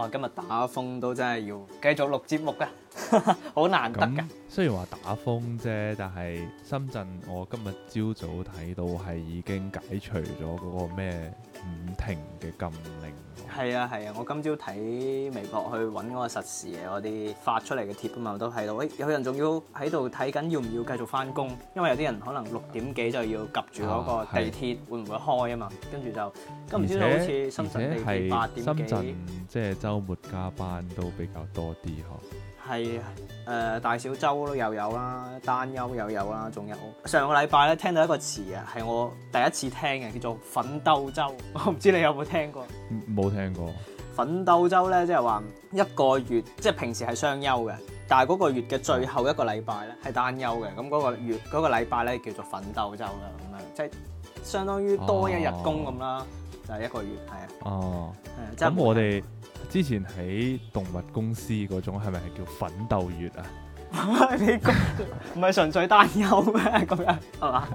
我今日打風都真係要繼續錄節目㗎，好難得㗎。雖然話打風啫，但係深圳我今日朝早睇到係已經解除咗嗰個咩五停嘅禁令。係啊係啊，我今朝睇微博去揾嗰個實時嘅嗰啲發出嚟嘅貼啊嘛，我都睇到誒，有人仲要喺度睇緊要唔要繼續翻工，因為有啲人可能六點幾就要及住嗰個地鐵會唔會開啊嘛，跟住就咁唔知道好似深圳地鐵八點幾，即係真。周末加班都比較多啲，嗬係誒大小周都有啦，單休又有啦，仲有上個禮拜咧聽到一個詞啊，係我第一次聽嘅，叫做奮鬥周。我唔知你有冇聽過？冇聽過奮鬥周咧，即係話一個月即係、就是、平時係雙休嘅，但係嗰個月嘅最後一個禮拜咧係單休嘅，咁、那、嗰個月、那個禮拜咧叫做奮鬥周啦，咁樣即係相當於多一日工咁啦，哦、就係一個月係啊哦，係啊。咁我哋。之前喺動物公司嗰種係咪係叫奮鬥月啊？唔係你講，唔係純粹擔憂咩？咁樣係嘛？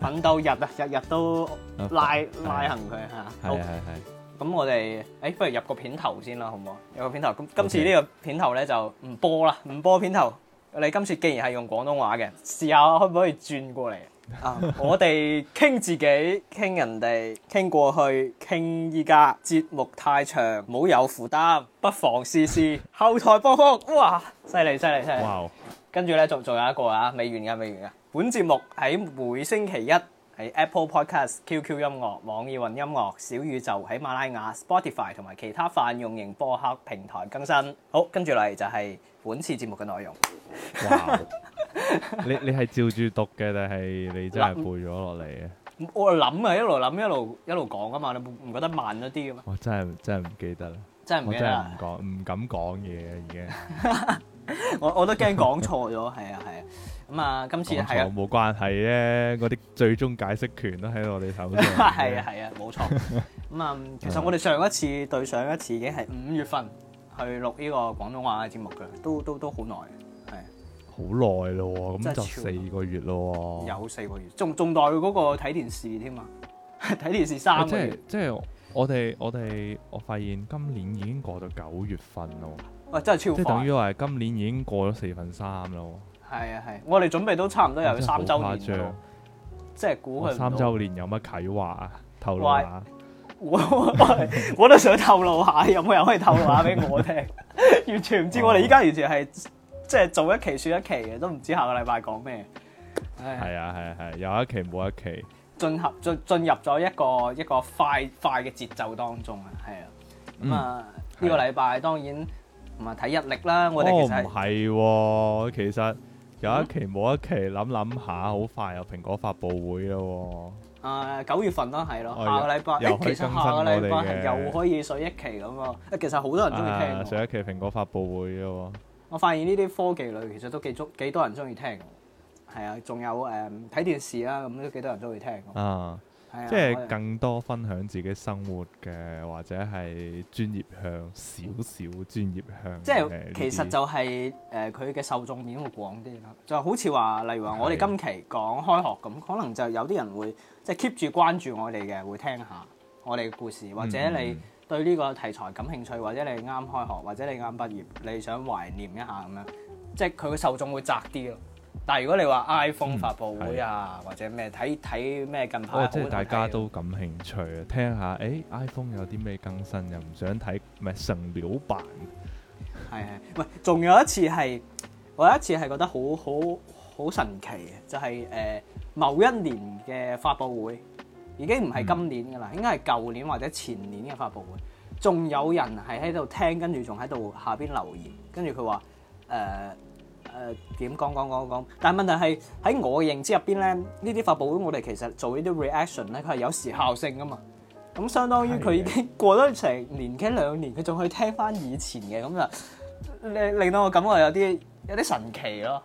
奮鬥日啊，日日都拉拉行佢嚇。係係係。咁我哋誒，不如入個片頭先啦，好唔好？入個片頭咁，今次呢個片頭咧就唔播啦，唔播片頭。你今次既然係用廣東話嘅，試下可唔可以轉過嚟？啊！Uh, 我哋傾自己，傾人哋，傾過去，傾依家。節目太長，冇有負擔，不妨試試。後台播放，哇！犀利，犀利，犀利！跟住 Wow. 呢，仲仲有一個啊，未完嘅，未完嘅。本節目喺每星期一喺 Apple Podcast、QQ 音樂、網易雲音樂、小宇宙、喜馬拉雅、Spotify 同埋其他泛用型播客平台更新。好，跟住嚟就係本次節目嘅內容。Wow. 你你係照住讀嘅定係你真係背咗落嚟嘅？我諗啊，一路諗一路一路講噶嘛，你唔覺得慢咗啲嘅咩？我真係真係唔記得啦，真係唔記得啦。唔講唔敢講嘢嘅，已經。我我都驚講錯咗，係啊係啊。咁啊，今次係冇關係咧，啊，嗰啲最終解釋權都喺我哋手上。係啊係啊，冇錯，啊。咁啊， 嗯，其實我哋上一次對上一次已經係五月份去錄呢個廣東話嘅節目嘅，都都都好耐。好耐咯，咁就四個月咯，有四個月，仲仲在嗰個睇電視添、啊、嘛，睇電視三個月。啊、即係我哋我哋我發現今年已經過到九月份咯，哇、啊，真係超，即係等於話今年已經過咗四分三咯。係啊係、啊啊，我哋準備都差唔多有三周年咯。即係估佢三周年有乜啟話啊？透露下，我我都想透露下， 有冇人可以透露下俾我聽？ 完全唔知我哋依家完全係。即係做一期算一期嘅，都唔知下個禮拜講咩。係啊，係啊，係有一期冇一期，進合進進入咗一個一個快快嘅節奏當中啊。係啊、嗯，咁啊呢個禮拜當然同埋睇日曆啦。哦、我哋其實唔係、啊，其實有一期冇一期，諗諗下好快有蘋果發布會啦、啊。誒九、啊、月份啦，係咯，下個禮拜、哦、誒又可以更新我哋嘅，又可以一、啊啊、水一期咁啊。其實好多人中意聽上一期蘋果發布會嘅喎、啊。我發現呢啲科技類其實都幾足幾多人中意聽，係啊，仲有誒睇、嗯、電視啦，咁都幾多人中意聽。啊，係啊，即係更多分享自己生活嘅，或者係專業向少少專業向。即係其實就係誒佢嘅受眾面會廣啲啦。就好似話，例如話我哋今期講開學咁，是可能就有啲人會即係、就是、keep 住關注我哋嘅，會聽下我哋嘅故事，或者你嗯對呢個題材感興趣，或者你啱開學，或者你啱畢業，你想懷念一下咁樣，即係佢嘅受眾會窄啲咯。但係如果你話 iPhone、嗯、發佈會啊，的或者咩睇睇咩近排，哦，即大家都感興趣啊，聽下誒，iPhone 有啲咩更新又唔想睇，咩神表版，係 係，唔，仲有一次係，我有一次係覺得好好好神奇嘅，就係、是、誒、呃、某一年嘅發佈會。已經唔係今年嘅啦，應該係舊年或者前年嘅發布會。仲有人係喺度聽，跟住仲喺度下邊留言，跟住佢話誒誒點講講講講。但係問題係喺我嘅認知入邊咧，呢啲發布會我哋其實做呢啲 reaction 咧，佢係有時效性噶嘛。咁相當於佢已經過咗成年幾兩年，佢仲去聽翻以前嘅，咁就令令到我感覺有啲有啲神奇咯。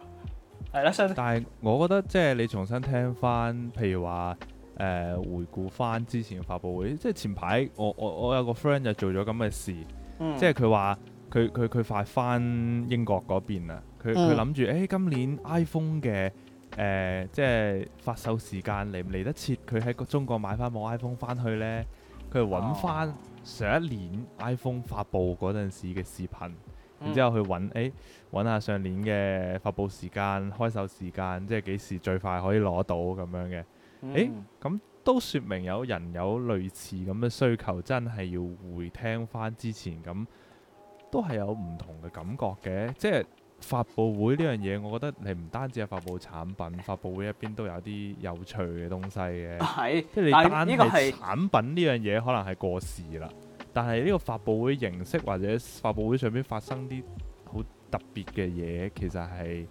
係啦，相。但係我覺得即係你重新聽翻，譬如話。誒、呃、回顧翻之前嘅發布會，即係前排我我我有個 friend 就做咗咁嘅事，嗯、即係佢話佢佢佢快翻英國嗰邊啦，佢佢諗住誒今年 iPhone 嘅誒、呃、即係發售時間嚟唔嚟得切，佢喺個中國買翻部 iPhone 翻去呢，佢揾翻上一年 iPhone 發布嗰陣時嘅視頻，嗯、然之後去揾誒揾下上年嘅發布時間、開售時間，即係幾時最快可以攞到咁樣嘅。誒，咁、欸、都説明有人有類似咁嘅需求，真係要回聽翻之前咁，都係有唔同嘅感覺嘅。即係發佈會呢樣嘢，我覺得你唔單止係發佈產品，發佈會一邊都有啲有趣嘅東西嘅。係，即係你單係產品呢樣嘢可能係過時啦。但係呢個發佈會形式或者發佈會上邊發生啲好特別嘅嘢，其實係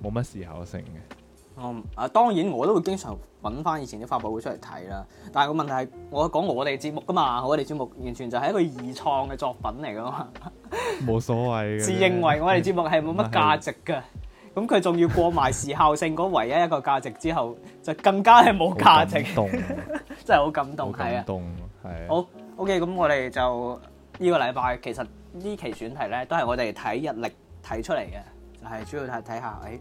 冇乜時效性嘅。嗯，啊，當然我都會經常揾翻以前啲發布會出嚟睇啦。但係個問題係，我講我哋節目噶嘛，我哋節目完全就係一個二創嘅作品嚟噶嘛，冇所謂嘅。自認為我哋節目係冇乜價值嘅，咁佢仲要過埋時效性嗰唯一一個價值之後，就更加係冇價值。好感動，真係好感動。係啊，好 OK，咁我哋就呢個禮拜其實呢期選題咧，都係我哋睇日曆睇出嚟嘅，就係主要係睇下誒。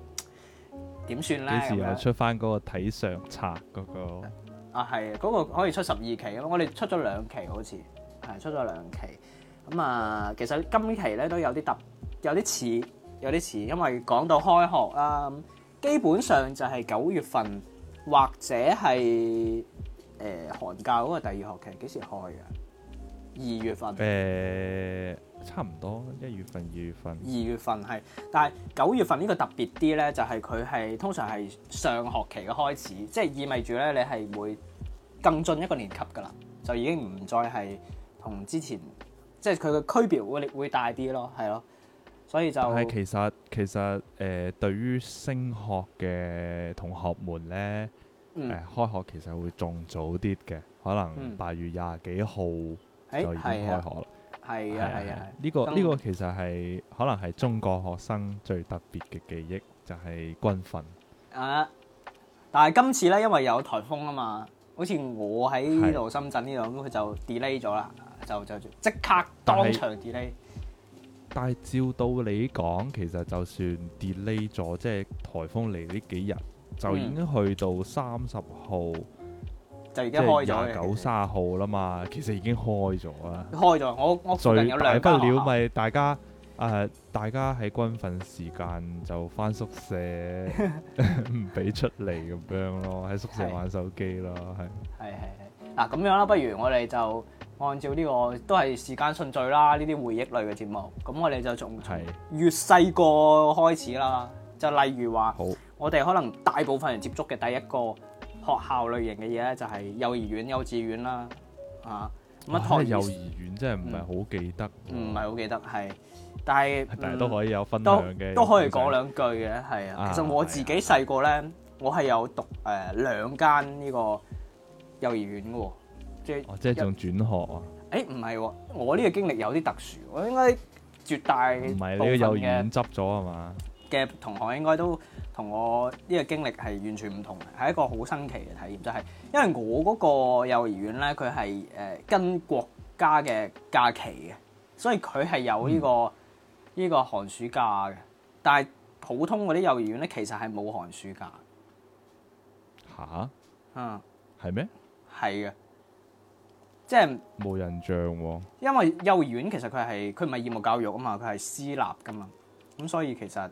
點算咧？幾時又出翻嗰個睇上冊嗰個啊？係嗰、嗰個可以出十二期嘅，我哋出咗兩期好似，係出咗兩期。咁啊、嗯，其實今期咧都有啲特，有啲似，有啲似，因為講到開學啦，基本上就係九月份或者係誒寒假嗰個第二學期幾時開嘅？二月份，誒、呃、差唔多一月份、二月份。二月份係，但係九月份呢個特別啲呢，就係佢係通常係上學期嘅開始，即、就、係、係、意味住呢，你係會更進一個年級㗎啦，就已經唔再係同之前，即係佢嘅區別會會大啲咯，係咯，所以就係其實其實誒、呃、對於升學嘅同學們呢，誒、嗯呃、開學其實會仲早啲嘅，可能八月廿幾號。嗯嗯哎、就已經開學啦，係啊係啊，呢個呢、嗯、個其實係可能係中國學生最特別嘅記憶，就係、係、軍訓。啊！但係今次呢，因為有颱風啊嘛，好似我喺呢度深圳呢度咁，佢就 delay 咗啦，就就即刻當場 delay。但係照道理講，其實就算 delay 咗，即係颱風嚟呢幾日，就已經去到三十號。嗯就已經開咗啦，就係九卅號啦嘛，其實已經開咗啦。開咗，我我附近有兩間。最大不了咪大家誒，大家喺軍訓時間就返宿舍，唔俾出嚟咁樣咯，喺宿舍玩手機咯，係。係係係，嗱咁樣啦，不如我哋就按照呢個都係時間順序啦，呢啲回憶類嘅節目，咁我哋就從越細個開始啦，就例如話，好，我哋可能大部分人接觸嘅第一個。學校類型嘅嘢咧，就係幼兒園、幼稚園啦，嚇咁、啊、幼兒園真係唔係好記得，唔係好記得係，但係但係都可以有分量嘅，都可以講兩句嘅，係啊。其實我自己細個咧，啊、我係有讀誒、呃、兩間呢個幼兒園嘅、就係啊，即係哦，即係仲轉學啊？誒唔係喎，我呢個經歷有啲特殊，我應該絕大唔係你個幼兒園執咗係嘛？嘅同學應該都。同我呢個經歷係完全唔同，係一個好新奇嘅體驗。就係因為我嗰個幼兒園呢，佢係誒跟國家嘅假期嘅，所以佢係有呢個、嗯、呢個寒暑假嘅。但係普通嗰啲幼兒園呢，其實係冇寒暑假嘅。吓？啊、嗯，係咩？係嘅，即係冇印象喎。哦、因為幼兒園其實佢係佢唔係義務教育啊嘛，佢係私立㗎嘛，咁所以其實。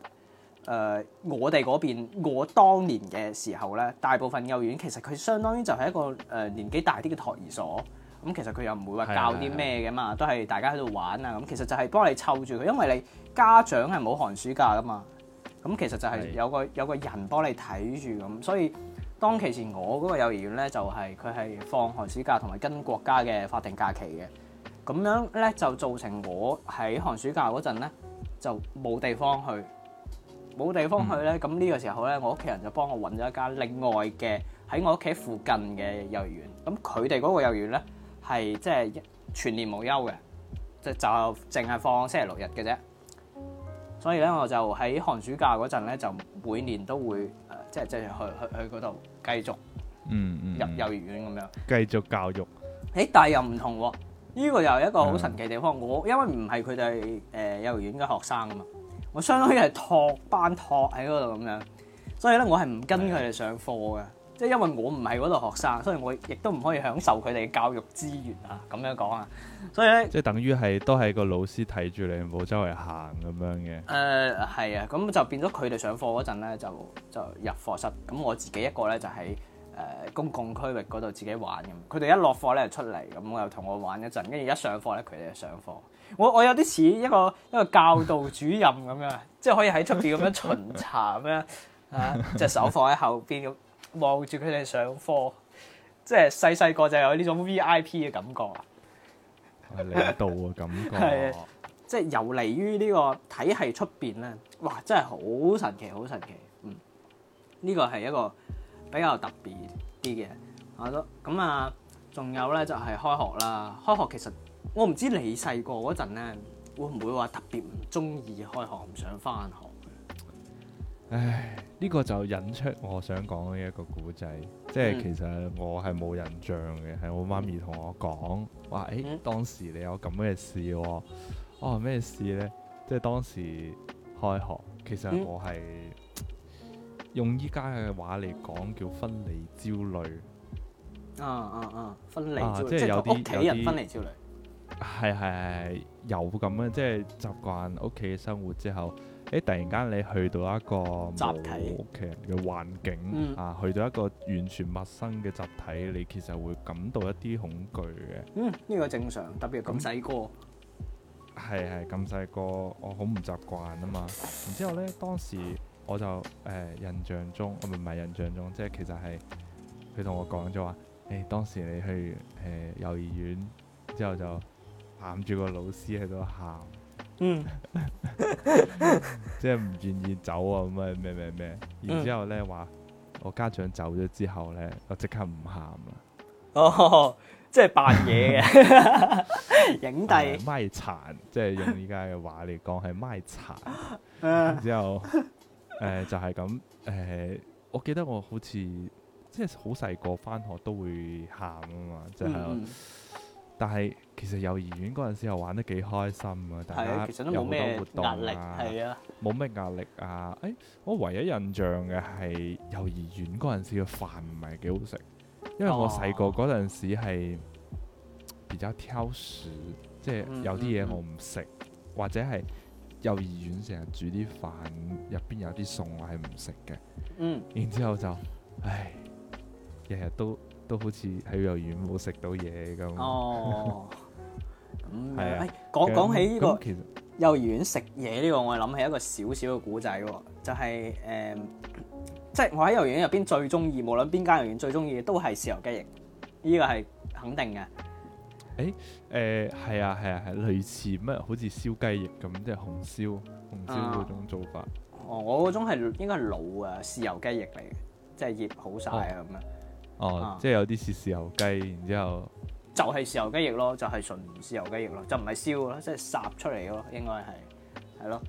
誒，uh, 我哋嗰邊，我當年嘅時候咧，大部分幼兒園其實佢相當於就係一個誒年紀大啲嘅托兒所咁、嗯。其實佢又唔會話教啲咩嘅嘛，的都係大家喺度玩啊。咁、嗯、其實就係幫你湊住佢，因為你家長係冇寒暑假噶嘛。咁、嗯、其實就係有個的有個人幫你睇住咁，所以當其時我嗰個幼兒園咧就係佢係放寒暑假同埋跟國家嘅法定假期嘅，咁樣咧，就造成我喺寒暑假嗰陣咧就冇地方去。冇地方去咧，咁呢個時候咧，我屋企人就幫我揾咗一間另外嘅喺我屋企附近嘅幼兒園。咁佢哋嗰個幼兒園咧係即係全年無休嘅，就就淨係放星期六日嘅啫。所以咧，我就喺寒暑假嗰陣咧，就每年都會即係即係去去去嗰度繼續，嗯入幼兒園咁樣繼、嗯嗯、續教育。誒，但係又唔同喎、啊，呢、這個又係一個好神奇地方。嗯、我因為唔係佢哋誒幼兒園嘅學生啊嘛。我相當於係托班托喺嗰度咁樣，所以咧我係唔跟佢哋上課嘅，即係的因為我唔係嗰度學生，所以我亦都唔可以享受佢哋嘅教育資源啊。咁樣講啊，所以咧即係等於係都係個老師睇住你唔好周圍行咁樣嘅。誒係啊，咁就變咗佢哋上課嗰陣咧，就就入課室，咁我自己一個咧就喺誒公共區域嗰度自己玩咁。佢哋一落課咧就出嚟，咁又同我玩一陣，跟住一上課咧佢哋就上課。上課我我有啲似一個一個教導主任咁樣， 即係可以喺出邊咁樣巡查咁樣， 啊隻手放喺後邊望住佢哋上課，即係細細個就有呢種 VIP 嘅感覺啦，領導嘅感覺， 即係遊離於呢個體系出邊咧，哇！真係好神奇，好神奇，嗯，呢個係一個比較特別啲嘅，啊都咁啊，仲有咧就係、係、開學啦，開學其實。我唔知你細個嗰陣呢，會唔會話特別唔中意開學唔想翻學？唉，呢、呢個就引出我想講嘅一個古仔，即係其實我係冇印象嘅，係我媽咪同我講話，誒，欸嗯、當時你有咁嘅事哦，哦，咩事呢？即係當時開學，其實我係用依家嘅話嚟講，叫分離焦慮。啊啊啊！分離、啊，即係有啲有啲分離焦慮。係係係有咁樣，即係習慣屋企嘅生活之後，誒，突然間你去到一個集體屋企人嘅環境啊，去到一個完全陌生嘅集體，你其實會感到一啲恐懼嘅。嗯，呢個正常，特別咁細個。係係咁細個，我好唔習慣啊嘛。然之後咧，當時我就誒印象中，我唔係印象中，即係其實係佢同我講咗話，誒，當時你去誒幼兒園之後就喊住個老師喺度喊，嗯，即係唔願意走啊，咁啊咩咩咩，然之後咧話我家長走咗之後咧，我即刻唔喊啦。哦，即係扮嘢嘅， 影帝，賣慘、uh,，即係用依家嘅話嚟講係賣慘。然之後，誒、呃，就係、是、咁，誒、呃，我記得我好似即係好細個翻學都會喊啊嘛，就係、是，嗯、但係。其實幼兒園嗰陣時又玩得幾開心啊！是大家有好多活動啊，冇咩壓力啊。誒、啊哎，我唯一印象嘅係幼兒園嗰陣時嘅飯唔係幾好食，因為我細個嗰陣時係比較挑食，即係、哦、有啲嘢我唔食，嗯嗯、或者係幼兒園成日煮啲飯入邊有啲餸我係唔食嘅。嗯、然之後就，唉，日日都都好似喺幼兒園冇食到嘢咁。哦。 嗯，係。講講起呢個其實幼兒園食嘢呢個，我諗起一個小小嘅古仔喎，就係、是、誒、嗯，即係我喺幼兒園入邊最中意，無論邊間幼兒園最中意都係豉油雞翼，呢、這個係肯定嘅。誒誒、欸，係、呃、啊係啊係、啊啊，類似咩？好似燒雞翼咁，即係紅燒紅燒嗰種做法。嗯、哦，我嗰種係應該係老啊，豉油雞翼嚟嘅，即係醃好晒啊咁啊。哦，即係有啲似豉油雞，然之後。就係豉油雞翼咯，就係純豉油雞翼咯，就唔係燒嘅咯，即係烚出嚟嘅咯，應該係，係咯，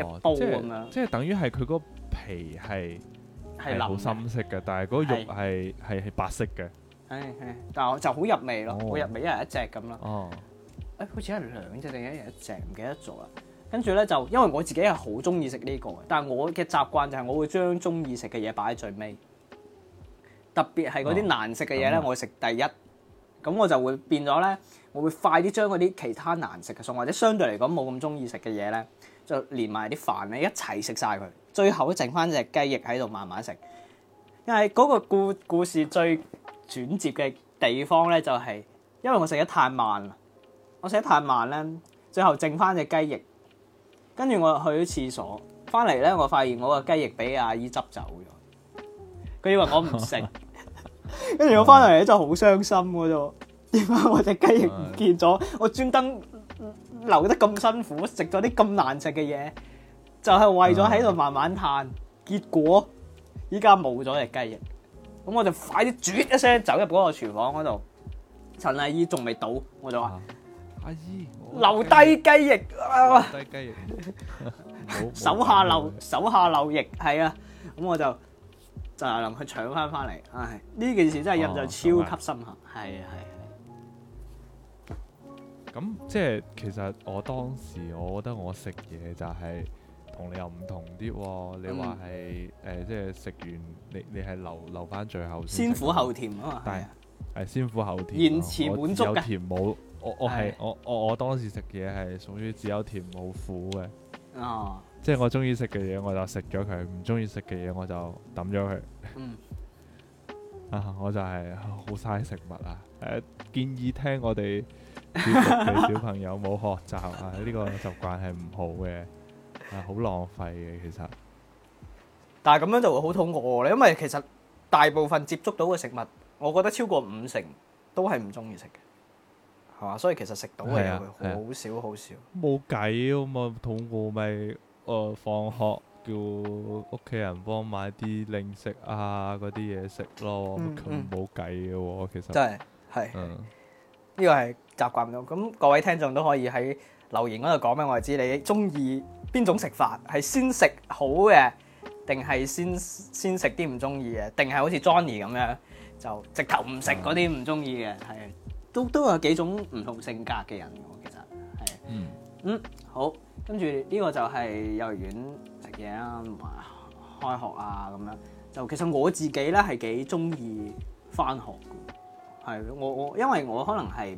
一煲咁樣，即係等於係佢個皮係係好深色嘅，但係嗰肉係係白色嘅，係係，但係就好入味咯，好入味，一人一隻咁咯，誒，好似係兩隻定一人一隻，唔記得咗啦。跟住咧就因為我自己係好中意食呢個，但係我嘅習慣就係我會將中意食嘅嘢擺喺最尾，特別係嗰啲難食嘅嘢咧，我食第一。咁我就會變咗咧，我會快啲將嗰啲其他難食嘅餸，或者相對嚟講冇咁中意食嘅嘢咧，就連埋啲飯咧一齊食晒佢，最後剩翻隻雞翼喺度慢慢食。但係嗰個故故事最轉折嘅地方咧，就係因為我食得太慢啦，我食得太慢咧，最後剩翻隻雞翼，跟住我去咗廁所，翻嚟咧，我發現我個雞翼俾阿姨執走咗，佢以為我唔食。 跟住我翻嚟，真係好傷心嘅啫。就點解我隻雞翼唔見咗？我專登留得咁辛苦，食咗啲咁難食嘅嘢，就係為咗喺度慢慢嘆。結果依家冇咗隻雞翼，咁我就快啲啜一聲走入嗰個廚房嗰度。陳麗姨仲未倒，我就話：阿姨，留低雞翼，留低雞翼，手下留手下留翼，係啊。咁我就。就係諗去搶翻翻嚟，唉、哎！呢件事真係印象超級深刻，係啊係。咁、嗯、即係其實我當時我覺得我食嘢就係同、哦嗯、你又唔同啲，你話係誒即係食完你你係留留翻最後先，先苦後甜啊嘛。係啊係先苦後甜，延遲滿足嘅，有甜冇、啊，我我係是的 我我我當時食嘢係屬於只有甜冇苦嘅。哦。即係我中意食嘅嘢，我就食咗佢；唔中意食嘅嘢，我就抌咗佢。嗯。啊，我就係好嘥食物啊！誒，建議聽我哋小朋小朋友冇學習啊，呢個習慣係唔好嘅，係好浪費嘅。其實，但係咁樣就會好肚餓啦，因為其實大部分接觸到嘅食物，我覺得超過五成都係唔中意食嘅，係嘛？所以其實食到嘅嘢好少，好少。冇計啊嘛，肚餓咪～誒，放、呃、學叫屋企人幫買啲零食啊，嗰啲嘢食咯，咁冇計嘅。其實真係係呢個係習慣到，咁各位聽眾都可以喺留言嗰度講俾我知你中意邊種食法？係先食好嘅，定係先先食啲唔中意嘅？定係好似 Johnny 咁樣，就直頭唔食嗰啲唔中意嘅？係、嗯、都都有幾種唔同性格嘅人，我其實係嗯。嗯，好。跟住呢個就係幼兒園食嘢啊，開學啊咁樣。就其實我自己咧係幾中意返學嘅。係，我我因為我可能係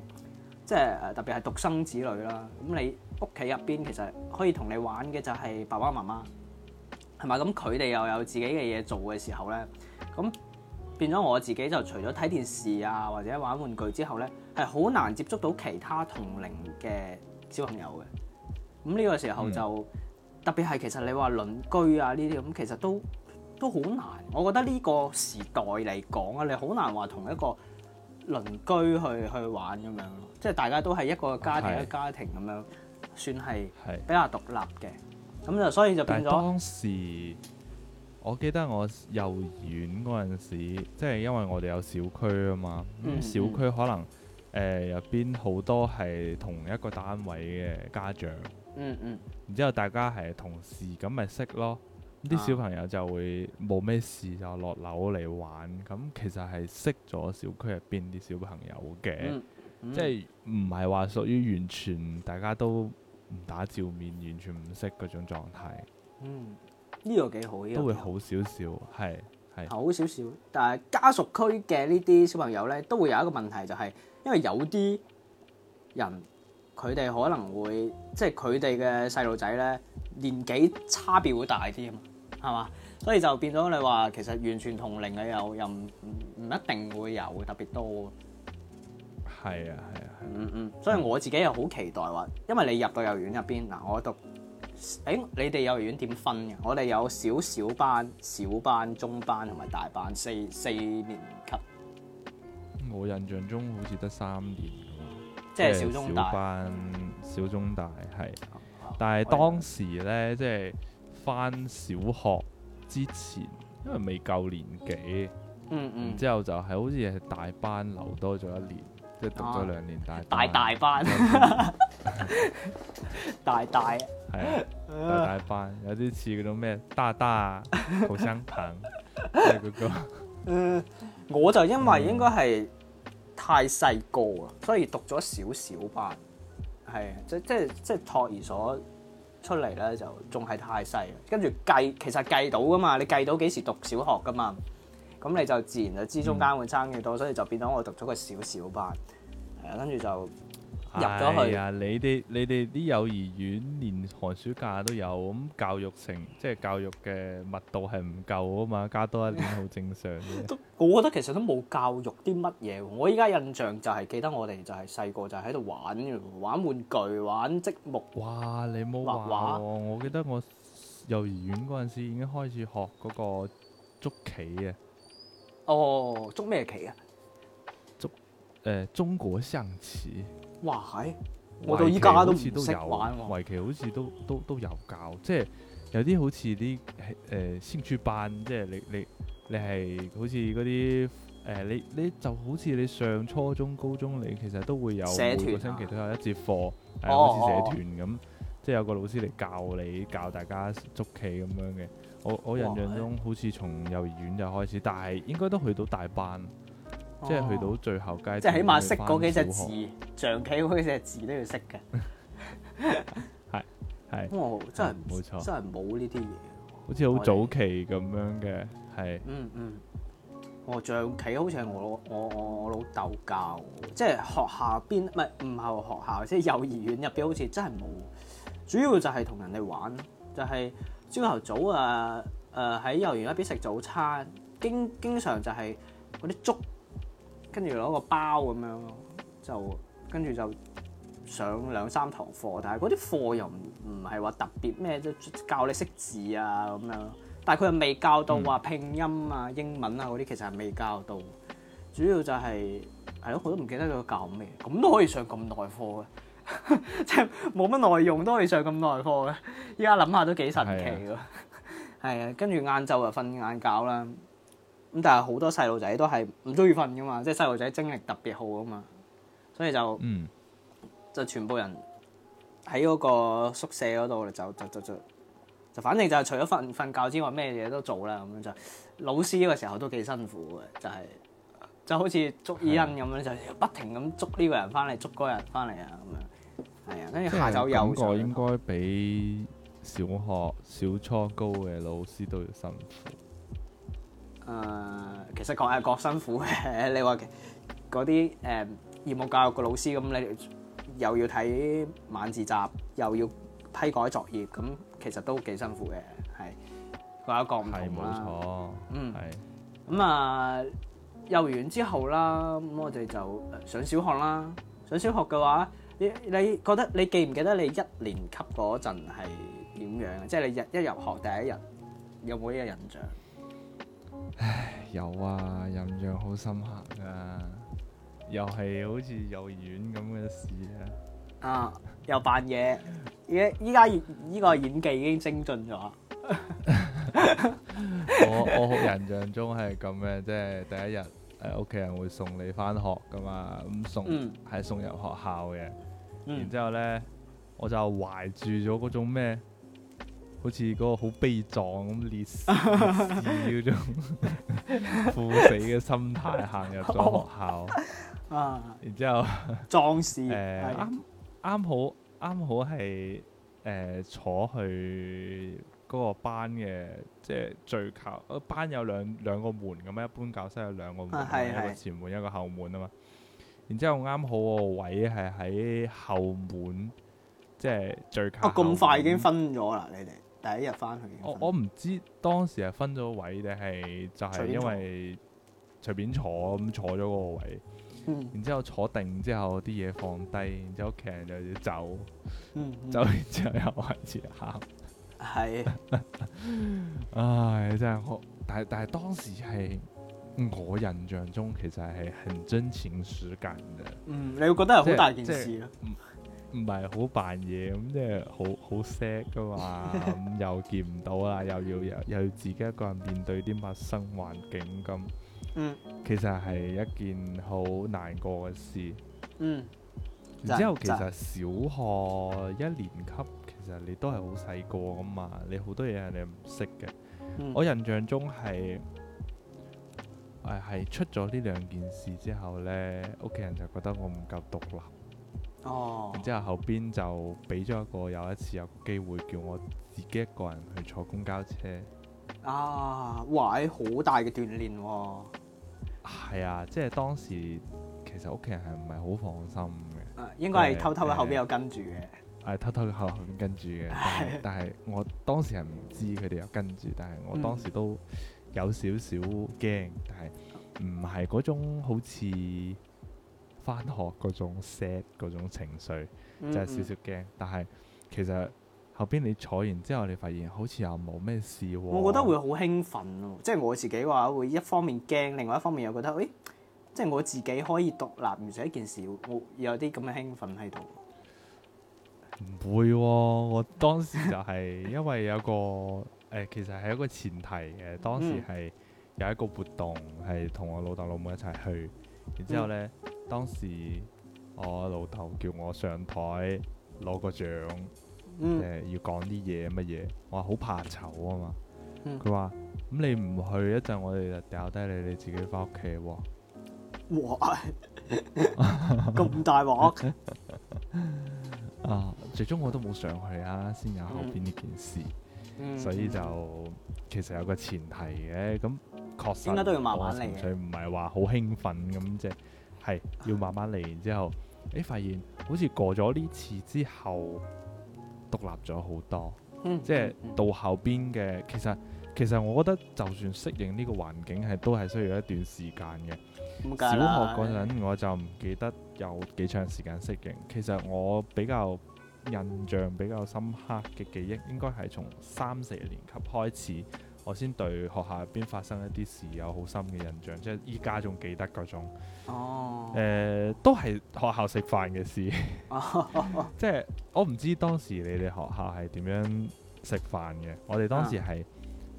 即係誒特別係獨生子女啦。咁你屋企入邊其實可以同你玩嘅就係爸爸媽媽，係咪？咁佢哋又有自己嘅嘢做嘅時候咧，咁變咗我自己就除咗睇電視啊或者玩玩具之後咧，係好難接觸到其他同齡嘅。小朋友嘅，咁呢個時候就、嗯、特別係其實你話鄰居啊呢啲咁，其實都都好難。我覺得呢個時代嚟講啊，你好難話同一個鄰居去去玩咁樣囉，即係大家都係一個家庭一個家庭咁樣，嗯、算係係比較獨立嘅。咁就、嗯、所以就變咗。當時我記得我幼兒園嗰陣時，即係因為我哋有小區啊嘛，咁、嗯、小區可能。誒，入邊好多係同一個單位嘅家長，嗯嗯，嗯，然之後大家係同事咁咪，就是、識咯。啲小朋友就會冇咩事就落樓嚟玩，咁其實係識咗小區入邊啲小朋友嘅，嗯嗯、即係唔係話屬於完全大家都唔打照面，完全唔識嗰種狀態。嗯，呢、這個幾好，都會好少少，係係好少少。但係家屬區嘅呢啲小朋友呢，都會有一個問題就係、是。因為有啲人佢哋可能會即係佢哋嘅細路仔咧年紀差別會大啲啊嘛，係嘛？所以就變咗你話其實完全同齡嘅又又唔唔一定會有特別多。係啊係啊，係啊嗯嗯，所以我自己又好期待話，因為你入到幼兒園入邊嗱，我讀誒你哋幼兒園點分嘅？我哋有小小班、小班、中班同埋大班，四四年級。我印象中好似得三年，即係小中大，小班，小中大係。但係當時咧，即係翻小學之前，因為未夠年紀，嗯嗯，之後就係好似係大班留多咗一年，即係讀咗兩年大大大班，大大係啊，大大班有啲似嗰種咩大大好生棒嗰個，嗯，我就因為應該係。太細個啊，所以讀咗少少班，係啊，即即即托兒所出嚟咧就仲係太細啊，跟住計其實計到㗎嘛，你計到幾時讀小學㗎嘛，咁你就自然就知中間會差幾多，所以就變咗我讀咗個少少班，係啊，跟住就。入咗去啊，哎！你哋你哋啲幼兒園連寒暑假都有，咁教育成即係教育嘅密度係唔夠啊嘛，加多一年好正常 我覺得其實都冇教育啲乜嘢，我依家印象就係、是、記得我哋就係細個就喺度玩，玩玩玩具玩積木。哇！你冇玩、哦、玩我記得我幼兒園嗰陣時已經開始學嗰個捉棋嘅。哦，捉咩棋啊？捉誒、呃，中國象棋。哇，我到而家都好似都有，圍棋好似都都都有教，即係有啲好似啲誒先進班，即係你你你係好似嗰啲誒你你就好似你上初中、高中，你其實都會有每個星期都有一節課，係好似社團咁、啊，啊、團即係有個老師嚟教你教大家捉棋咁樣嘅。我我印象中好似從幼兒園就開始，但係應該都去到大班。即係去到最後階段，即係起碼識嗰幾隻字，象棋嗰幾隻字都要識嘅，係係。哦，真係冇錯，真係冇呢啲嘢。好似好早期咁樣嘅，係嗯嗯。哦，象棋好似係我我我老豆教，即係學校邊唔係唔係學校，即係、就是、幼兒園入邊，好似真係冇。主要就係同人哋玩，就係朝頭早啊誒喺、呃、幼兒園入邊食早餐，經經常就係嗰啲粥。跟住攞個包咁樣咯，就跟住就上兩三堂課，但係嗰啲課又唔唔係話特別咩啫，教你識字啊咁樣。但係佢又未教到話、嗯、拼音啊、英文啊嗰啲，其實係未教到。主要就係係咯，我都唔記得佢教咩。咁都可以上咁 耐課嘅，即係冇乜內容都可以上咁耐課嘅。依家諗下都幾神奇咯。係啊的，跟住晏晝就瞓晏覺啦。咁但係好多細路仔都係唔中意瞓噶嘛，即係細路仔精力特別好啊嘛，所以就、嗯、就全部人喺嗰個宿舍嗰度就就就就就，就，就反正就係除咗瞓瞓覺之外，咩嘢都做啦咁樣。就老師呢個時候都幾辛苦嘅，就係、是、就好似捉耳音咁樣，是的 就不停咁捉呢個人翻嚟，捉嗰個人翻嚟啊咁樣，係啊，跟住下晝有應該應該比小學小初高嘅老師都要辛苦。誒、嗯，其實各係各辛苦嘅。你話嗰啲誒義務教育嘅老師咁，你又要睇晚自習，又要批改作業，咁其實都幾辛苦嘅。係各有各唔同啦。係冇錯。嗯是嗯。嗯。係、呃。咁啊，幼兒園之後啦，咁我哋就上小學啦。上小學嘅話，你你覺得你記唔記得你一年級嗰陣係點樣？即、就、係、是、你日一入學第一日，有冇呢個印象？唉，有啊，印象好深刻好啊，啊，又係好似幼兒園咁嘅事啊，啊，又扮嘢，而依家呢個演技已經精進咗。 我我印象中係咁嘅，即係第一日誒，屋、呃、企人會送你翻學噶嘛，咁送係、嗯、送入學校嘅，嗯、然之後咧，我就懷住咗嗰種咩？好似嗰個好悲壯咁烈士嗰種赴死嘅心態行入咗學校啊！ 然之後，壯士誒啱啱好啱好係誒、呃、坐去嗰個班嘅，即係最靠班有兩兩個門咁啊，一般教室有兩個門，的一個前門一個後門啊嘛。然之後啱好個位係喺後門，即係最靠。啊，咁快已經分咗啦，你哋？第一日翻去我，我我唔知當時係分咗位定係就係、是、因為隨便坐咁坐咗嗰個位，嗯、然之後坐定之後啲嘢放低，然之後屋企人就要走，嗯嗯、走完之後又開始喊，係是， 唉真係好，但係但係當時係我印象中其實係很真情實感嘅，嗯，你會覺得係好大件事啊。就是就是唔係好扮嘢咁，即係好好 sad 噶嘛。咁、嗯、 又見唔到啦，又要又要自己一個人面對啲陌生環境咁，嗯、其實係一件好難過嘅事。嗯、然之後其實小學一年級其實你都係好細個噶嘛，你好多嘢你唔識嘅。嗯、我印象中係誒出咗呢兩件事之後呢，屋企人就覺得我唔夠獨立。哦，然之後後邊就俾咗一個有一次有機會叫我自己一個人去坐公交車。啊，哇！好大嘅鍛鍊喎。係啊，即係當時其實屋企人係唔係好放心嘅。誒、啊，應該係偷偷喺後邊有跟住嘅。係、呃、偷偷喺後後邊跟住嘅，但係 但係我當時係唔知佢哋有跟住，但係我當時都有少少驚，嗯、但係唔係嗰種好似。翻學嗰種 sad 嗰種情緒，就係少少驚。但係其實後邊你坐完之後，你發現好似又冇咩事喎、哦。我覺得會好興奮喎、哦，即係我自己話會一方面驚，另外一方面又覺得誒、哎，即係我自己可以獨立完成一件事，會有啲咁嘅興奮喺度。唔會喎、哦，我當時就係因為有一個誒， 其實係一個前提嘅。當時係有一個活動係同我老豆老母一齊去，然之後呢。 當時我老豆叫我上台攞個獎，嗯呃、要講啲嘢乜嘢，我話好怕醜啊嘛。佢話、嗯：咁、嗯、你唔去一陣，我哋就掉低你，你自己返屋企喎。哇！咁哇 大鑊嘅 啊！最終我都冇上去啊，先有後邊呢件事。嗯、所以就其實有個前提嘅，咁確實要慢慢我話純粹唔係話好興奮咁啫。係要慢慢嚟，然之後誒、欸、發現好似過咗呢次之後獨立咗好多，即係到後邊嘅，其實其實我覺得就算適應呢個環境係都係需要一段時間嘅。小學嗰陣我就唔記得有幾長時間適應。其實我比較印象比較深刻嘅記憶應該係從三四年級開始。我先對學校入邊發生一啲事有好深嘅印象，即係依家仲記得嗰種。哦，誒、呃，都係學校食飯嘅事。哦、哈哈哈哈，即係我唔知當時你哋學校係點樣食飯嘅。我哋當時係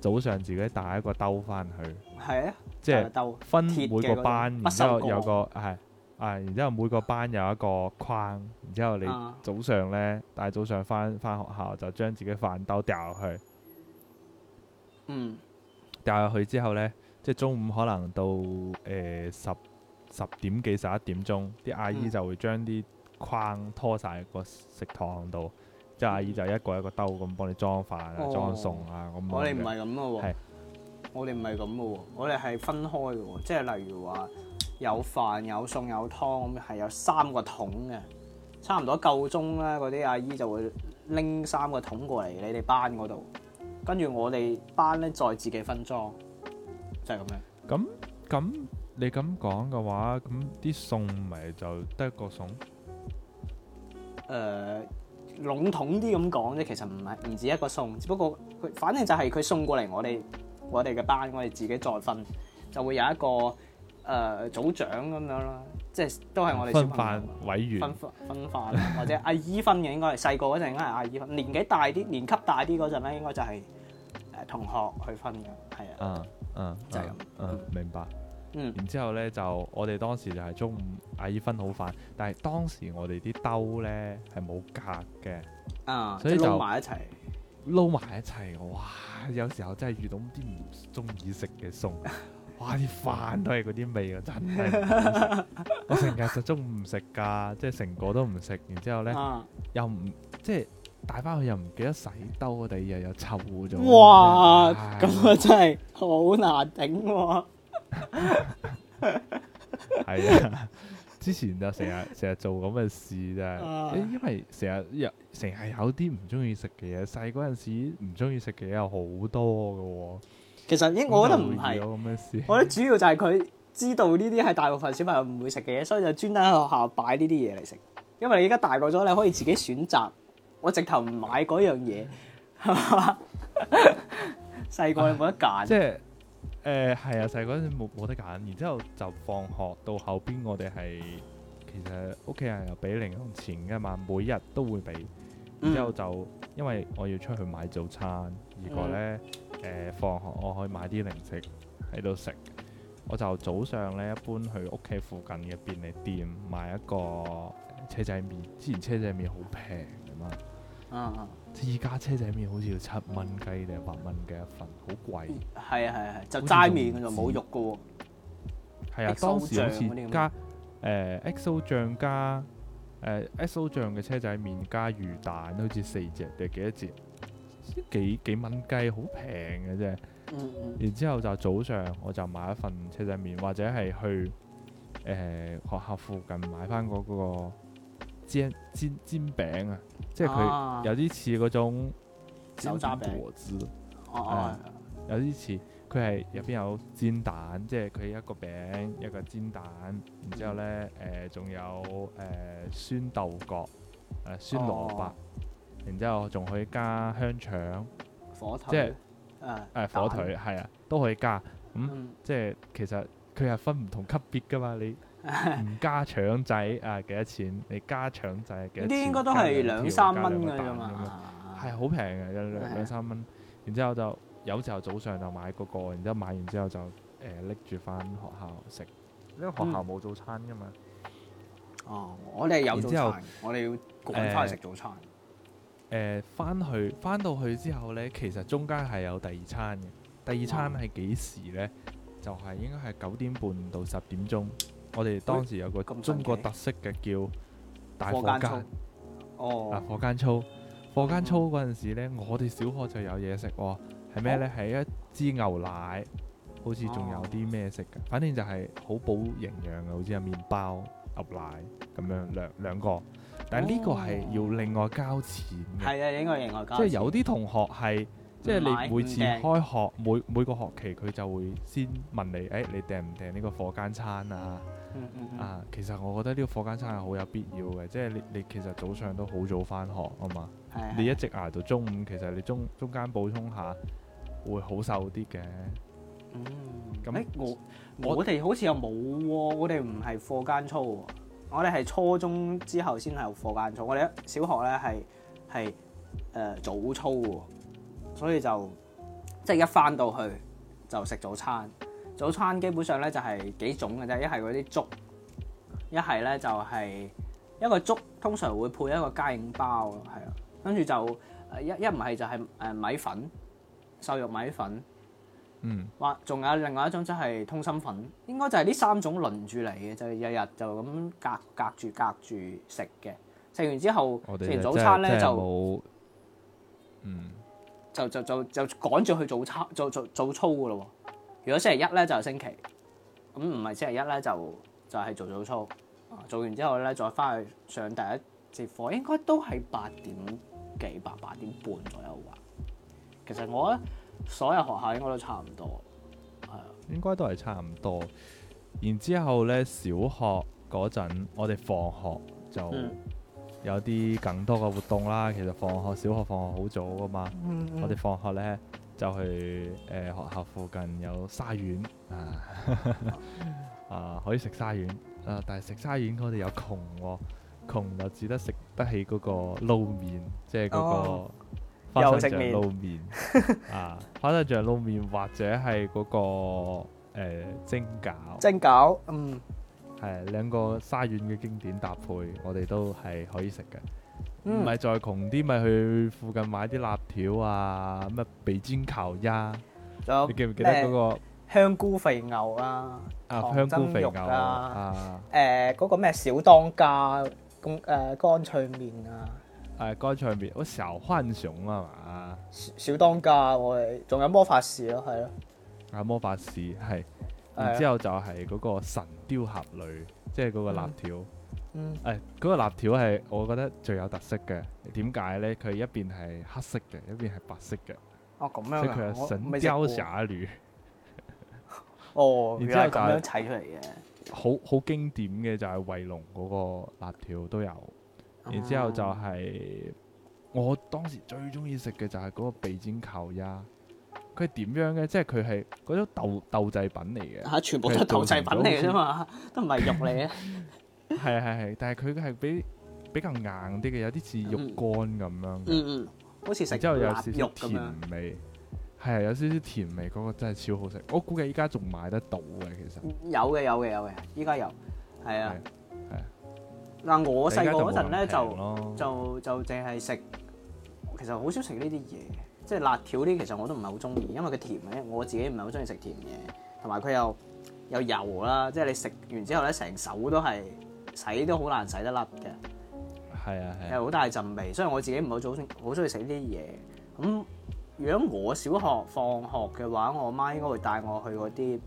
早上自己帶一個兜翻去。係啊。即係分每個班，然之後有個係啊，然之後每個班有一個框，然之後你早上呢，大早上翻翻學校就將自己飯兜掉入去。嗯，帶入去之後呢，即係中午可能到誒、呃、十十點幾十一點鐘，啲阿姨就會將啲框拖晒個食堂度，嗯、即係阿姨就一個一個兜咁幫你裝飯啊、哦、裝餸啊咁。我哋唔係咁喎，我哋唔係咁喎，我哋係分開嘅喎、哦，即係例如話有飯有餸有，有湯咁，係有三個桶嘅，差唔多夠鐘呢，嗰啲阿姨就會拎三個桶過嚟你哋班嗰度。跟住我哋班咧再自己分裝，就係咁樣。咁咁你咁講嘅話，咁啲餸咪就得一個餸？誒，籠統啲咁講啫，其實唔係，唔止一個餸，只不過佢反正就係佢送過嚟我哋，我哋嘅班我哋自己再分，就會有一個誒組長咁樣咯。即係都係我哋小分飯委員，分分分飯 或者阿姨分嘅，應該係細個嗰陣，應該係阿姨分。年紀大啲，年級大啲嗰陣咧，應該就係、是、誒、呃、同學去分嘅，係啊。嗯嗯，嗯就係咁、嗯。嗯，明白。嗯。然之後咧，就我哋當時就係中午阿姨分好飯，但係當時我哋啲兜咧係冇格嘅。啊、嗯，所以撈埋一齊，撈埋一齊。哇！有時候真係遇到啲唔中意食嘅餸。 哇！啲飯都係嗰啲味啊，真係 我成日就中午唔食噶，即係成個都唔食。然之後咧，啊、又唔即係帶翻去又唔記得洗兜，第二日又臭咗。哇嘩！咁啊、哎、呦真係好難頂喎。啊，之前就成日成日做咁嘅事就係，因為成日又成日有啲唔中意食嘅嘢，細嗰陣時唔中意食嘅嘢有好多嘅喎、哦。其實應我覺得唔係，有事我覺得主要就係佢知道呢啲係大部分小朋友唔會食嘅嘢，所以就專登喺學校擺呢啲嘢嚟食。因為你而家大個咗，你可以自己選擇。我直頭唔買嗰樣嘢，係嘛？細 個你冇得揀、啊。即係誒係啊！細個嗰陣冇冇得揀，然之後就放學到後邊，我哋係其實屋企人又俾零用錢嘅嘛，每日都會俾。然之後就、嗯、因為我要出去買早餐，如果咧。嗯誒、呃、放學我可以買啲零食喺度食，我就早上咧一般去屋企附近嘅便利店買一個車仔麵。之前車仔麵好平㗎嘛，啊啊！依家車仔麵好似要七蚊雞定係、嗯、八蚊嘅一份，好貴。係啊係啊係，就齋麵㗎咋，冇肉㗎喎。係啊，啊當時好似加誒、呃、XO 醬加誒、呃、XO 醬嘅車仔麵加魚蛋，好似四隻定係幾多隻？幾幾蚊雞，好平嘅啫。嗯、然之後就早上，我就買一份車仔麵，或者係去誒、呃、學校附近買翻嗰個煎煎煎餅啊。即係佢有啲似嗰種手抓餅果子，有啲似佢係入邊有煎蛋，即係佢一個餅一個煎蛋。然之後呢，誒、嗯，仲、呃、有誒、呃、酸豆角、誒、呃、酸蘿蔔。哦然之後仲可以加香腸，火腿，即係誒誒火腿係啊，都可以加。咁即係其實佢係分唔同級別噶嘛，你唔加腸仔啊幾多錢？你加腸仔幾多錢？呢啲應該都係兩三蚊嘅嘛，係好平嘅兩三蚊。然之後就有時候早上就買嗰個，然之後買完之後就誒拎住翻學校食，因為學校冇早餐噶嘛。哦，我哋有早餐，我哋要趕翻嚟食早餐。誒翻、呃、去翻到去之後呢，其實中間係有第二餐嘅。第二餐係幾時呢？嗯、就係應該係九點半到十點鐘。我哋當時有個中國特色嘅叫大課間。哦。啊課間操，課間操嗰陣時呢，我哋小學就有嘢食喎。係咩呢？係、哦、一支牛奶，好似仲有啲咩食嘅。哦、反正就係好補營養嘅，好似有麵包、牛奶咁樣兩兩個。但係呢個係要另外交錢嘅，係啊，應該另外交。即係有啲同學係，即係買你每次開學讀每每個學期佢就會先問你，誒、欸，你訂唔訂呢個課間餐啊？嗯嗯、啊，其實我覺得呢個課間餐係好有必要嘅，即係你你其實早上都好早返學啊嘛，的你一直挨到中午，其實你中中間補充下會好受啲嘅。咁我我哋好似又冇喎，我哋唔係課間操。我哋係初中之後先係課間操，我哋一小學咧係係誒早操嘅，所以就即係、就是、一返到去就食早餐。早餐基本上咧就係幾種嘅啫，一係嗰啲粥，一係咧就係、是、一個粥，通常會配一個家應包，係啊，跟住就一一唔係就係誒米粉，瘦肉米粉。嗯，或仲有另外一種就係、是、通心粉，應該就係呢三種輪住嚟嘅，就係日日就咁隔隔住隔住食嘅。食完之後，食我們 完早餐咧是就，嗯，就就就就,就,就趕住去做,做,做,做操做做早操嘅咯。如果星期一咧就係、星期，咁唔係星期一咧就就係、是、做早操、啊。做完之後咧再翻去上第一節課，應該都係八點幾吧，八點半左右啩。其實我咧。嗯所有學校應該都差唔多，係啊，應該都係差唔多。然之後呢，小學嗰陣，我哋放學就有啲更多嘅活動啦。嗯、其實放學小學放學好早噶嘛，嗯、我哋放學呢，就去誒、呃、學校附近有沙縣啊， 啊，可以食沙縣啊。但係食沙縣嗰啲有窮喎、哦，窮就只得食得起嗰個撈麵，即係嗰個。哦花生醬撈麵啊，花生醬撈麵或者係嗰、那個誒蒸餃，蒸餃嗯係兩個沙縣嘅經典搭配，我哋都係可以食嘅。唔係、嗯、再窮啲，咪去附近買啲辣條啊，咩鼻煎球呀，有你記唔記得嗰、那個香菇肥牛啊？啊，香菇肥牛啊，誒嗰個咩小當家咁誒乾脆麵啊？誒，乾菜、哎、面，我小浣熊啊嘛，小當家，我哋仲有魔法士咯。係咯，啊魔法士，係，的然之後就係嗰個神鵰俠侶，即係嗰個辣條，誒、嗯，嗰、嗯哎嗰個辣條係我覺得最有特色嘅。點解咧？佢一邊係黑色嘅，一邊係白色嘅，哦咁、啊、樣，即係佢神鵰俠侶， 哦，然之後咁樣砌出嚟嘅，好好，好經典嘅就係衛龍嗰個辣條都有。然之後就係，我當時最中意食嘅就係嗰個鼻尖球呀。佢點樣嘅？即係佢係嗰種豆豆製品嚟嘅。全部都係豆製品嚟嘅啫嘛，都唔係肉嚟嘅。係係係，但係佢係比比較硬啲嘅，有啲似肉乾咁樣。嗯嗯，好似食之後有少少甜味，係啊，有少少甜味，嗰個真係超好食。我估計依家仲買得到嘅，其實。有嘅有嘅有嘅，依家有，係啊。嗱，我細個嗰陣咧就就就淨係食，其實好少食呢啲嘢，即係辣條啲。其實我都唔係好中意，因為佢甜嘅，我自己唔係好中意食甜嘢，同埋佢又有油啦，即係你食完之後咧成手都係，洗都好難洗得甩嘅，係啊係，係好大陣味，所以我自己唔係好早好中意食呢啲嘢。咁如果我小學放學嘅話，我媽應該會帶我去嗰啲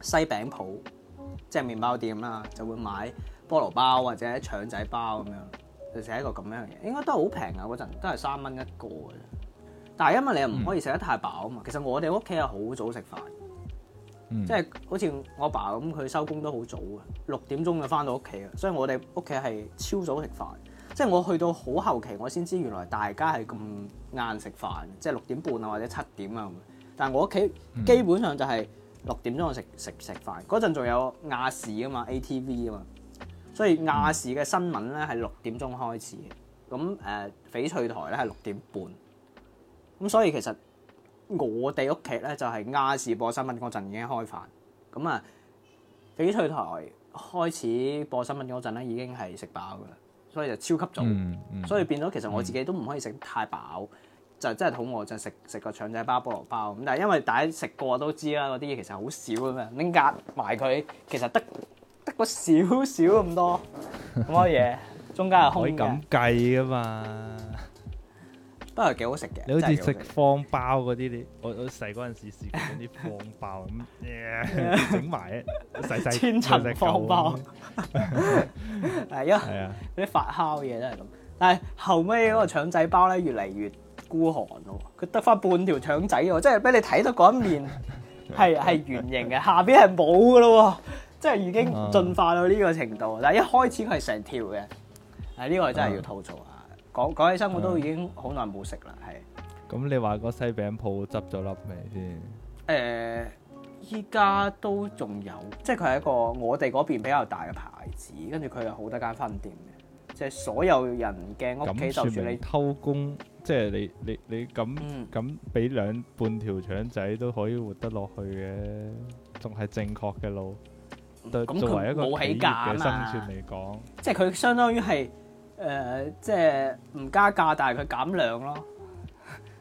西餅鋪，即係麵包店啦，就會買菠蘿包或者腸仔包咁樣，就食一個咁樣嘅嘢，應該都係好平啊！嗰陣都係三蚊一個嘅，但係因為你又唔可以食得太飽啊嘛。嗯、其實我哋屋企係好早食飯，即係好似我爸咁，佢收工都好早嘅，六點鐘就翻到屋企啊。所以我哋屋企係超早食飯，即係我去到好後期，我先知原來大家係咁晏食飯，即係六點半啊或者七點啊。但係我屋企基本上就係六點鐘食食食飯，嗰陣仲有亞視啊嘛，ATV 啊嘛。所以亞視嘅新聞咧係六點鐘開始，咁誒翡翠台咧係六點半，咁所以其實我哋屋企咧就係、是、亞視播新聞嗰陣已經開飯，咁啊翡翠台開始播新聞嗰陣咧已經係食飽噶啦，所以就超級早，嗯嗯、所以變咗其實我自己都唔可以食太飽，嗯、就真係肚餓就食食個腸仔包菠蘿包，咁但係因為大家食過都知啦，嗰啲嘢其實好少噶嘛。你壓埋佢其實得。得個少少咁多咁多嘢，中間係空㗎。咁計㗎嘛，都係幾好食嘅。你好似食方包嗰啲啲，我我細嗰陣時試過啲方包咁，整埋一細細千層方芳包，係啊，嗰啲發酵嘢都係咁。但係後尾嗰個腸仔包咧，越嚟越孤寒咯。佢得翻半條腸仔喎，即係俾你睇到嗰一 面係係圓形嘅，下邊係冇㗎咯。即係已經進化到呢個程度，啊、但係一開始佢係成條嘅，係呢個真係要吐槽下。啊、講講起生活都已經好耐冇食啦，係。咁你話個西餅鋪執咗笠未先？誒、嗯，依家都仲有，即係佢係一個我哋嗰邊比較大嘅牌子，跟住佢有好多間分店嘅，即係所有人嘅屋企，就算你偷工，即係你你你咁咁俾兩半條腸仔都可以活得落去嘅，仲係正確嘅路。咁一佢冇起價嘅生存嚟講，即係佢相當於係誒，即係唔加價，但係佢減量咯，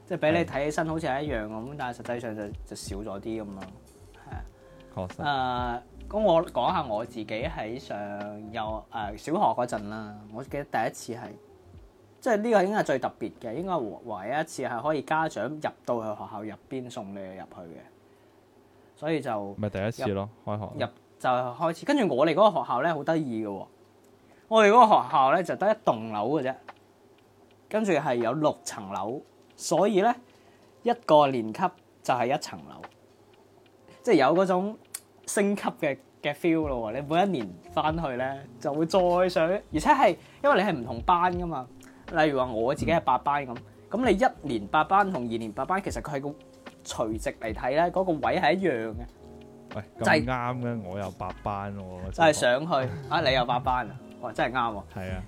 即係俾你睇起身好似係一樣咁，嗯、但係實際上就就少咗啲咁咯，係啊。確實。誒、呃，咁我講下我自己喺上又誒、呃、小學嗰陣啦，我記得第一次係，即係呢個應該係最特別嘅，應該唯一一次係可以家長入到去學校入邊送你入去嘅，所以就咪第一次咯，入開學入。就係開始，跟住我哋嗰個學校咧，好得意嘅喎。我哋嗰個學校咧，就得一棟樓嘅啫，跟住係有六層樓，所以咧一個年級就係一層樓，即係有嗰種升級嘅嘅 feel 咯喎、哦。你每一年翻去咧就會再上，而且係因為你係唔同班嘅嘛。例如話我自己係八班咁，咁你一年八班同二年八班，其實佢係個垂直嚟睇咧，嗰、那個位係一樣嘅。喂就係啱嘅，我又八班喎。就係上去， 啊你又八班，哇真係啱喎。係啊，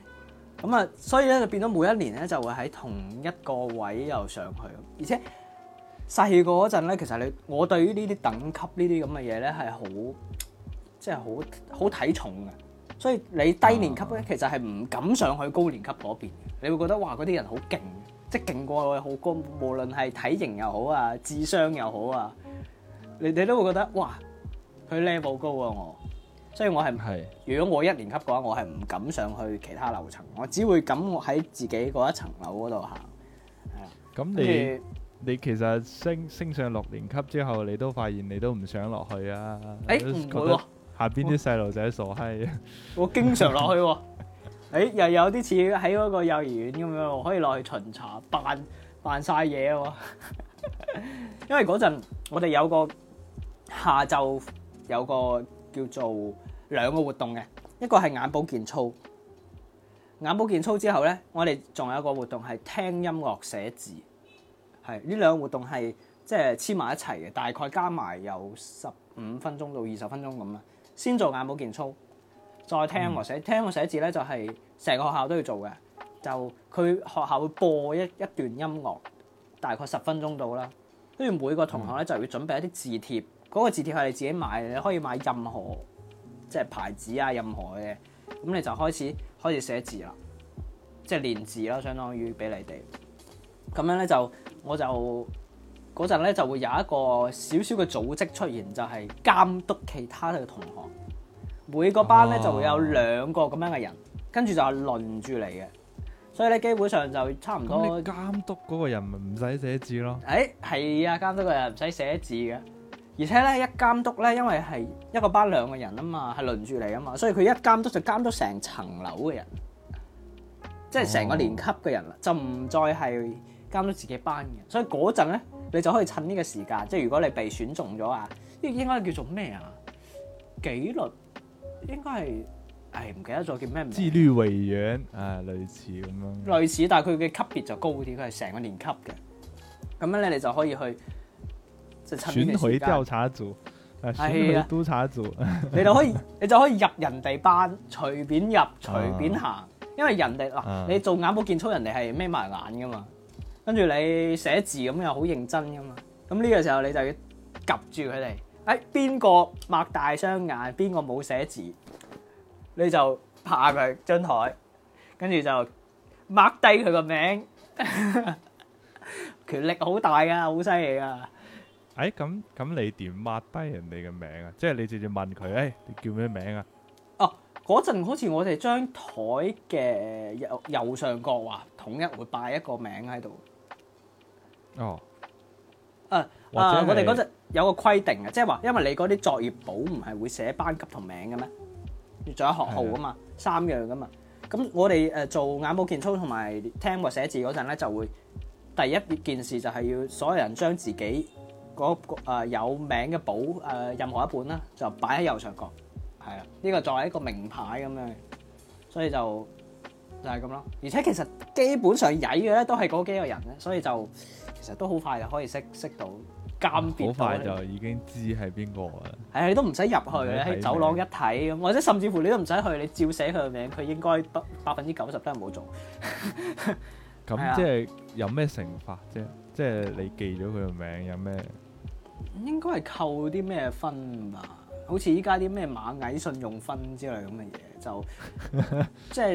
咁啊，所以咧就變咗每一年咧就會喺同一個位又上去，而且細個嗰陣咧，其實你我對於呢啲等級呢啲咁嘅嘢咧係好，即係好好睇重嘅。所以你低年級咧，其實係唔敢上去高年級嗰邊。你會覺得哇，嗰啲人好勁，即係勁過我好高。無論係體型又好啊，智商又好啊，你你都會覺得哇。佢 level 高啊。我所以我係是如果我一年級嘅話，我係唔敢上去其他樓層，我只會咁喺自己嗰一層樓嗰度行。咁你後你其實升升上六年級之後，你都發現你都唔想落去啊？誒，唔會，下邊啲細路仔傻閪。我經常落去喎、啊 欸，又有啲似喺嗰個幼兒園咁樣，我可以落去巡查、扮扮曬嘢喎。啊、 因為嗰陣我哋有個下晝。有個叫做兩個活動嘅，一個係眼保健操。眼保健操之後呢，我哋仲有一個活動係聽音樂寫字。係呢兩個活動係即係黐埋一齊嘅，大概加埋有十五分鐘到二十分鐘咁啦。先做眼保健操，再聽音樂寫聽音樂寫，聽音樂寫字呢，就係、是、成個學校都要做嘅。就佢學校會播一一段音樂，大概十分鐘到啦。跟住每個同學呢，就要準備一啲字帖。嗰個字帖係你自己買，你可以買任何即係牌子啊，任何嘅。咁你就開始開始寫字啦，即係練字囉，相當於俾你哋咁樣咧就，我就嗰陣咧就會有一個少少嘅組織出現，就係、是、監督其他嘅同學，每個班咧就會有兩個咁樣嘅人，跟住就係輪住嚟嘅，所以咧基本上就差唔多監督嗰個人咪唔使寫字咯。誒係、哎、啊，監督嗰人唔使寫字嘅。而且咧一監督咧，因為係一個班兩個人啊嘛，係輪住嚟啊嘛，所以佢一監督就監督成層樓嘅人，即係成個年級嘅人啦，哦、就唔再係監督自己班嘅。所以嗰陣咧，你就可以趁呢個時間，即係如果你被選中咗啊，呢應該叫做咩啊？紀律應該係唉唔記得咗叫咩名字？自律委員啊，類似咁樣。類似，但係佢嘅級別就高啲，佢係成個年級嘅。咁樣咧，你就可以去。巡回調查組，誒、啊，督察組， 你就可以，你就可以入人哋班，隨便入，隨便行，因為人哋嗱、啊啊，你做眼保健操，人哋係眯埋眼噶嘛，跟住你寫字咁又好認真噶嘛，咁、這、呢個時候你就要及住佢哋，誒、哎，邊個擘大雙眼，邊個冇寫字，你就拍佢張台，跟住就 mark 低佢個名， 權力好大噶，好犀利噶。誒，咁咁、哎、你點抹低人哋嘅名啊？即係你直接問佢，誒、哎，你叫咩名啊？哦，嗰陣好似我哋張台嘅右右上角話，統一會擺一個名喺度。哦。啊我哋嗰陣有個規定啊，即係話，啊就是、因為你嗰啲作業簿唔係會寫班級同名嘅咩？要仲有學號噶嘛，的三樣噶嘛。咁我哋誒做眼保健操同埋聽個寫字嗰陣咧，就會第一件事就係要所有人將自己。嗰個誒有名嘅簿誒任何一本啦，就擺喺右上角，係啦，呢個作為一個名牌咁樣，所以就就係咁咯。而且其實基本上曳嘅咧都係嗰幾個人咧，所以就其實都好快就可以識識到鑑別。好快就已經知係邊個啦。係啊，你都唔使入去咧，喺走廊一睇咁，或者甚至乎你都唔使去，你照寫佢嘅名，佢應該得百分之九十都係冇做。咁即係有咩懲罰啫？即係你記咗佢嘅名有咩？應該係扣啲咩分啊？好似依家啲咩螞蟻信用分之類咁嘅嘢，就即係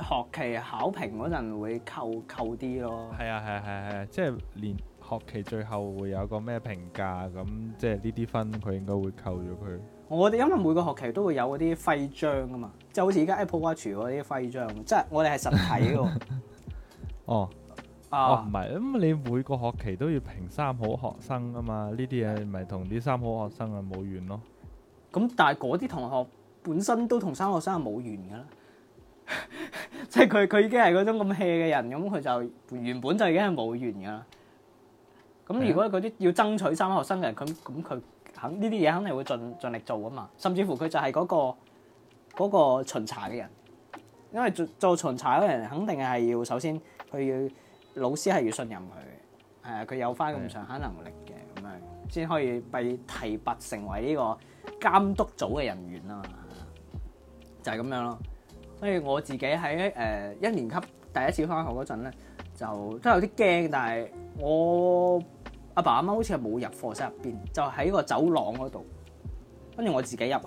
學期考評嗰陣會扣扣啲咯。係啊係啊係係，即係連學期最後會有個咩評價咁，即係呢啲分佢應該會扣咗佢。我 哋 因為每個學期都會有嗰啲徽章啊嘛，即係好似而家 Apple Watch 嗰、er、啲徽章，即係我哋係實體嘅。 哦。啊、哦，唔係咁，你每個學期都要評三好學生啊嘛？呢啲嘢咪同啲三好學生啊冇緣咯。咁、嗯、但係嗰啲同學本身都同三好學生係冇緣噶啦，即係佢佢已經係嗰種咁 hea 嘅人，咁佢就原本就已經係冇緣噶啦。咁如果嗰啲要爭取三好學生嘅人，佢咁佢肯呢啲嘢，肯定會盡盡力做啊嘛。甚至乎佢就係嗰、嗰個嗰個巡查嘅人，因為做做巡查嘅人肯定係要首先佢要。老師係要信任佢，係佢有翻咁上下能力嘅，咁樣先可以被提拔成為呢個監督組嘅人員咯， 就係咁樣咯。所以我自己喺誒、呃、一年級第一次返學嗰陣咧，就真係有啲驚，但係我阿爸阿媽、媽好似係冇入課室入邊，就喺個走廊嗰度，跟住我自己入去，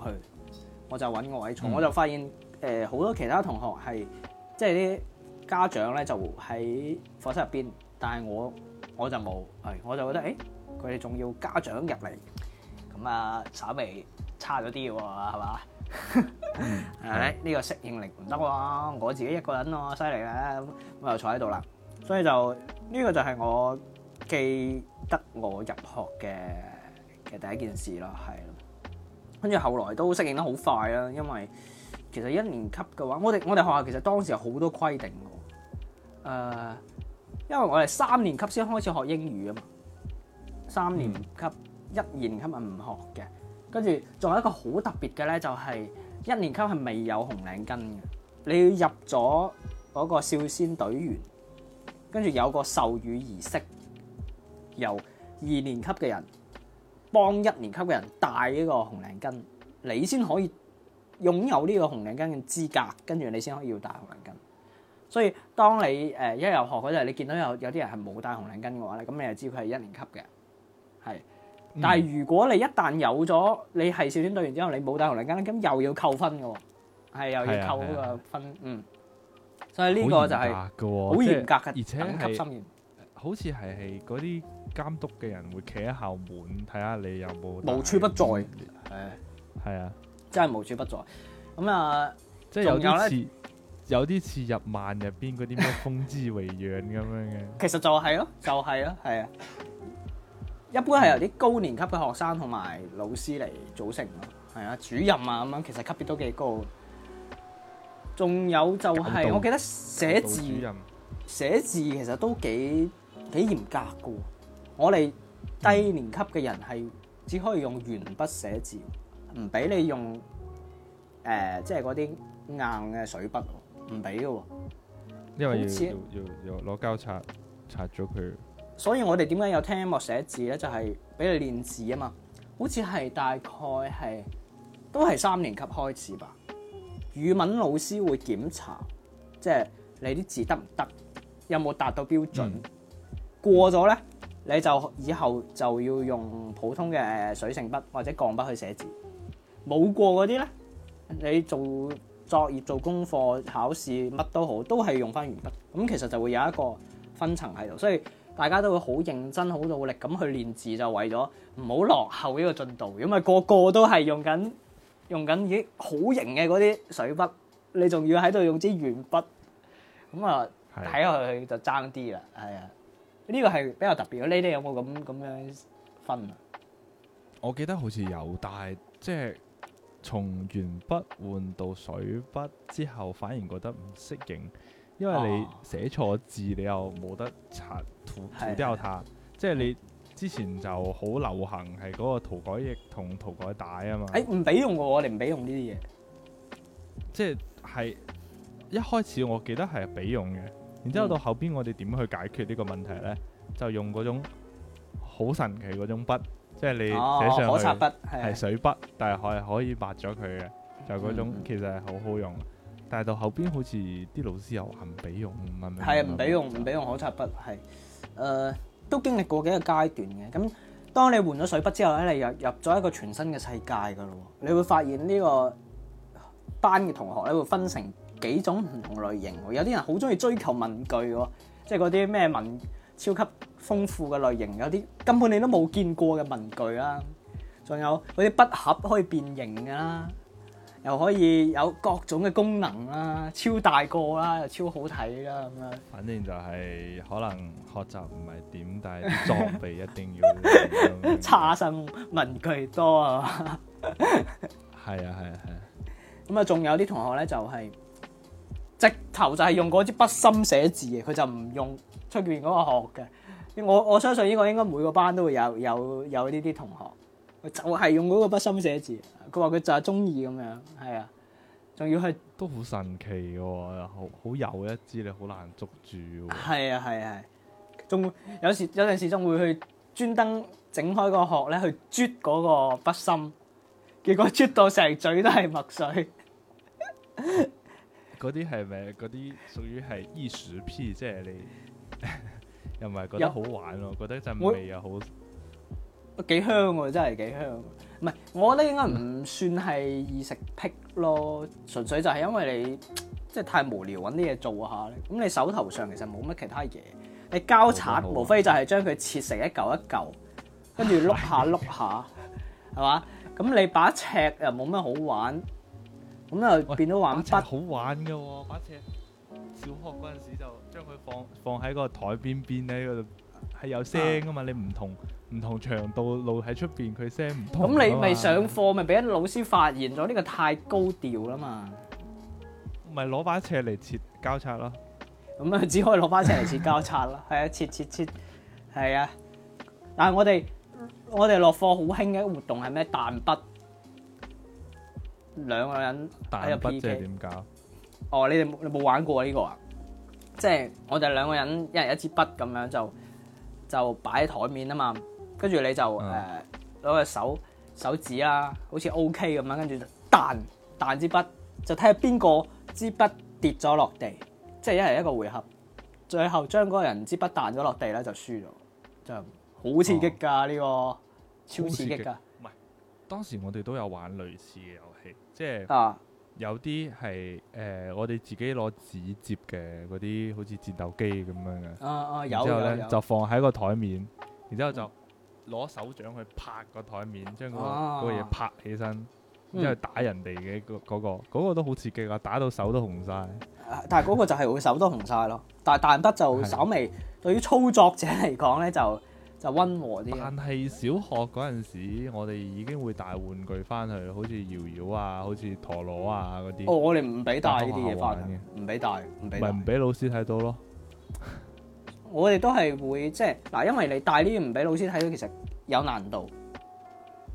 我就揾個位坐，嗯、我就發現誒好、呃、多其他同學係即係啲。就是家長咧就喺課室入邊，但係我我就冇，係我就覺得誒，佢哋仲要家長入嚟，咁啊，稍微差咗啲喎，係嘛？誒、嗯，呢、 呢個適應力唔得喎，我自己一個人囉，犀利啦，咁又坐喺度啦，所以就呢、呢個就係我記得我入學嘅嘅第一件事咯，係。跟住後，後來都適應得好快啦，因為其實一年級嘅話，我哋我哋學校其實當時有好多規定。誒，uh, 因為我哋三年級先開始學英語啊嘛，三年級、嗯、一年級咪唔學嘅，跟住仲有一個好特別嘅咧，就係、是、一年級係未有紅領巾嘅，你要入咗嗰個少先隊員，跟住有個授予儀式，由二年級嘅人幫一年級嘅人戴呢個紅領巾，你先可以擁有呢個紅領巾嘅資格，跟住你先可以要戴紅領巾。所以當你誒一入學嗰陣，你見到有有啲人係冇戴紅領巾嘅話咧，咁你就知佢係一年級嘅，係。但係如果你一旦有咗，你係少先隊員之後，你冇戴紅領巾咧，咁又要扣分嘅喎，係又要扣個分，嗯。所以呢個就係好嚴格嘅，而且係好似係係嗰啲監督嘅人會企喺校門睇下你有冇。無處不在，係係啊，真係無處不在。咁啊，即係有啲有啲似入漫入邊嗰啲咩風姿為樣咁樣嘅，其實就係咯、啊，就係、是、咯、啊，係 啊。一般係由啲高年級嘅學生同埋老師嚟組成咯，係啊，主任啊咁樣，其實級別都幾高。仲有就係、是、道我記得寫字，寫字其實都幾幾嚴格嘅。我哋低年級嘅人係只可以用鉛筆寫字，唔俾你用誒，即係嗰啲硬嘅水筆。唔俾嘅，因為要好似要要攞膠擦擦咗佢。所以我哋點解有聽音樂寫字咧？就係、是、俾你練字啊嘛。好似係大概係都係三年級開始吧。語文老師會檢查，即係你啲字得唔得，有冇達到標準。嗯、過咗咧，你就以後就要用普通嘅水性筆或者鋼筆去寫字。冇過嗰啲咧，你做。作業做功課考試乜都好，都係用翻鉛筆。咁其實就會有一個分層喺度，所以大家都會好認真、好努力咁去練字，就為咗唔好落後呢個進度。如果唔係個個都係用緊用緊啲好型嘅嗰啲水筆，你仲要喺度用支鉛筆，咁啊睇下去就爭啲啦。係啊，呢個係比較特別。呢啲有冇咁咁樣分啊？我記得好似有，但係即係。從鉛筆換到水筆之後，反而覺得唔適應，因為你寫錯字，啊、你又冇得擦塗的塗掉它。即係的你之前就好流行係嗰個塗改液同塗改帶啊嘛。誒，唔俾用嘅，我哋唔俾用呢啲嘢。即係、係、一開始我記得係俾用嘅，然之後到後邊我哋點去解決呢個問題呢？就用嗰種好神奇嗰種筆。即係你寫上去可擦筆，係，係水筆，但係可係可以抹咗佢嘅，就嗰、是、種其實係好好用。嗯、但係到後邊好似啲老師又唔俾用，唔係咩？係啊，唔俾用，唔俾用，用可擦筆係。誒、呃，都經歷過幾個階段嘅。咁當你換咗水筆之後咧，你入入咗一個全新嘅世界㗎咯。你會發現呢個班嘅同學咧會分成幾種唔同類型。有啲人好中意追求文具嘅，即係嗰啲咩文。超級豐富嘅類型，有啲根本你都冇見過嘅文具啦，仲有嗰啲筆盒可以變形㗎啦，又可以有各種嘅功能啦，超大個啦，又超好睇啦咁樣。反正就係、是、可能學習唔係點， 但係裝備一定要差 身文具多 啊！係啊係啊係啊！咁啊，仲有啲同學咧就係、是、直頭就係用嗰支筆芯寫字嘅，佢就唔用。出邊嗰個殼嘅，我我相信呢個應該每個班都會有有有呢啲同學，就係、是、用嗰個筆芯寫字，佢話佢就係中意咁樣，係啊，仲要係都好神奇嘅、哦，好好有一支你好難捉住，係啊係啊係，仲有時有陣時仲會去專登整開個殼咧去啜嗰個筆芯，結果啜到成嘴都係墨水，嗰啲係咪嗰啲屬於係異食癖，即係你。 又唔係覺得好玩咯，我覺得陣味又好，幾香喎，真係幾香。唔係，我覺得應該唔算係異食癖咯，純粹就係因為你即係太無聊，揾啲嘢做下。咁你手頭上其實冇乜其他嘢，你膠擦無非就係將佢切成一嚿一嚿，跟住碌下碌下，係嘛？ 咁你把尺又冇乜好玩，咁又變咗玩筆、哎、好玩嘅喎、哦，把尺。小學嗰陣時就。將佢放放喺個台邊邊咧，係有聲噶嘛？你唔同唔同長度露喺出邊，佢聲唔同。咁你咪上課咪俾啲老師發現咗呢個太高調啦嘛？咪攞把尺嚟切交叉咯。咁啊，只可以攞把尺嚟切交叉咯。係 啊，切切切，係啊。但係我哋我哋落課好興嘅活動係咩？彈筆，兩個人彈筆即係點搞？哦，你哋你冇玩過呢個啊？即係我哋兩個人，一人一支筆咁樣就就擺喺台面啊嘛，跟住你就誒攞個手手指啦，好似 OK 咁樣，跟住彈彈支筆，就睇下邊個支筆跌咗落地，即係一人一個回合，最後將嗰個人支筆彈咗落地咧，就輸咗，就好真係刺激噶呢、哦、個超刺激噶唔係，當時我哋都有玩類似嘅遊戲，即係啊。有啲係誒，我哋自己攞紙折嘅嗰啲，好似戰鬥機咁樣嘅、啊。啊啊有之後咧就放喺個台面，然之後就攞手掌去拍個台面，將、嗰個、啊、個嘢拍起身，然之後打人哋嘅嗰嗰個，嗰、嗯嗰個嗰個都好刺激㗎，打到手都紅晒。但係嗰個就係會手都紅晒咯， 但係彈得就稍微對於操作者嚟講咧就。就溫和啲。但係小學嗰陣時，我哋已經會帶玩具翻去，好似搖搖啊，好似陀螺啊嗰啲。哦，我哋唔俾帶呢啲嘢翻嚟嘅，唔俾帶，唔俾。咪唔俾老師睇到咯？ 我哋都係會即係嗱，因為你帶呢啲唔俾老師睇到，其實有難度，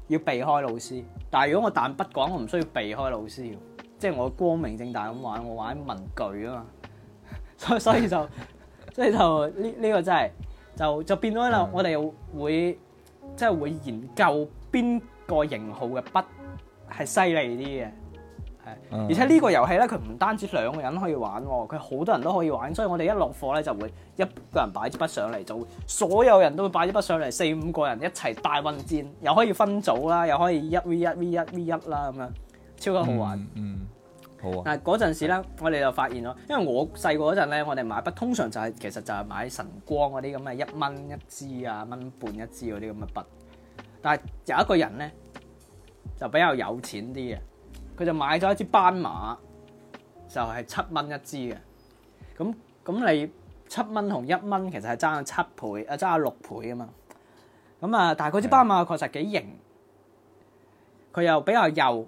要避開老師。但係如果我彈筆嘅我唔需要避開老師，即係我光明正大咁玩，我玩文具啊嘛。所所以就即係 以就呢呢個真係。就就變咗啦、嗯！我哋會即係、就是、會研究邊個型號嘅筆係犀利啲嘅，係、嗯。而且呢個遊戲咧，佢唔單止兩個人可以玩，佢好多人都可以玩。所以我哋一落課咧就會一個人擺支筆上嚟，就會所有人都會擺支筆上嚟，四五個人一齊大混戰，又可以分組啦，又可以一 v 一 v 一 v 一啦咁樣，超級好玩。嗯嗯。嗱，嗰陣時咧，我哋就發現咯，因為我細個嗰陣咧，我哋買筆通常就係，其實就係買晨光嗰啲咁嘅一蚊一支啊，蚊半一支嗰啲咁嘅筆。但係有一個人咧就比較有錢啲嘅，佢就買咗一支斑馬，就係七蚊一支嘅。咁，咁你七蚊同一蚊其實係爭咗七倍啊，爭咗六倍啊嘛。咁啊，但係嗰支斑馬確實幾型，佢又比較幼。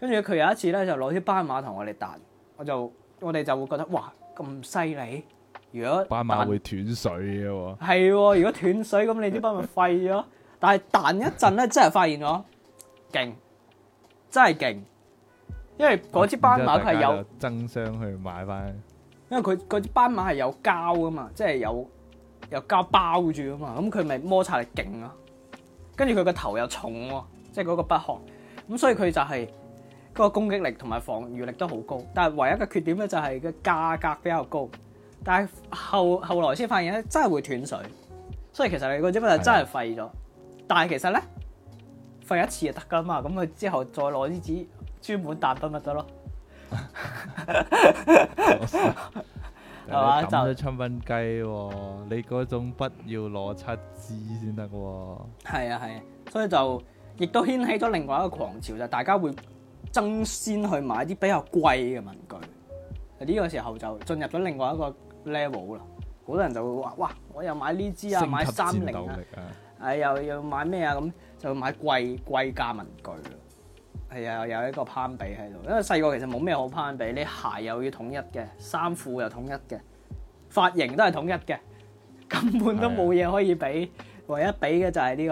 跟住佢有一次咧，就攞啲斑馬同我哋彈，我就我哋就會覺得哇咁犀利！如果斑馬會斷水嘅喎，係喎，如果斷水咁 你啲斑馬會廢咗。但係彈一陣咧，真係發現咗勁，真係勁。因為嗰支斑馬佢係有增傷去買返，因為佢嗰支斑馬係有膠啊嘛，即係有有膠包住啊嘛，咁佢咪摩擦力勁囉。跟住佢個頭又重喎、啊，即係嗰個筆殼，咁所以佢就係、是。個攻擊力同埋防禦力都好高，但係唯一嘅缺點咧就係個價格比較高。但係後後來先發現咧，真係會斷水，所以其實你嗰支筆真係廢咗。但係其實咧，廢一次就得噶嘛，咁佢之後再攞啲紙專門彈筆咪得咯。係嘛，就咁都七蚊雞喎？你嗰種筆要攞七支先得喎。係啊係啊，所以就亦都掀起咗另外一個狂潮就大家會。爭先去買啲比較貴嘅文具，呢個時候就進入咗另外一個 level 啦。好多人就會話：哇！我又買呢支啊，買三菱啊，誒又要買咩啊？咁就買貴貴價文具啦。係啊，又有一個攀比喺度，因為細個其實冇咩好攀比，你鞋又要統一嘅，衫褲又統一嘅，髮型都係統一嘅，根本都冇嘢可以比。啊、唯一比嘅就係呢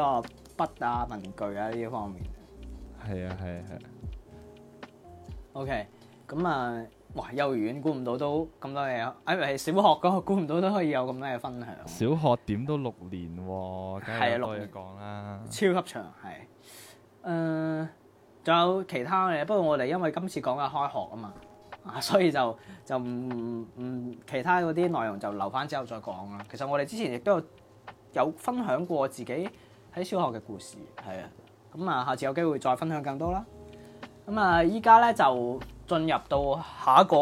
個筆啊、文具啊呢方面。係啊，係啊，係。O K，咁啊，哇！幼兒園估唔到都咁多嘢啊，誒唔係小學嗰個估唔到都可以有咁多嘢分享。小學點都六年喎、哦，梗係有六年咁多可以講啦、啊。超級長，係。誒、呃，仲有其他嘅，不過我哋因為今次講緊開學啊嘛，啊，所以就就唔唔其他嗰啲內容就留翻之後再講啦。其實我哋之前亦都有有分享過自己喺小學嘅故事，係啊，咁、嗯、啊，下次有機會再分享更多啦。咁啊，依家咧就進入到下一個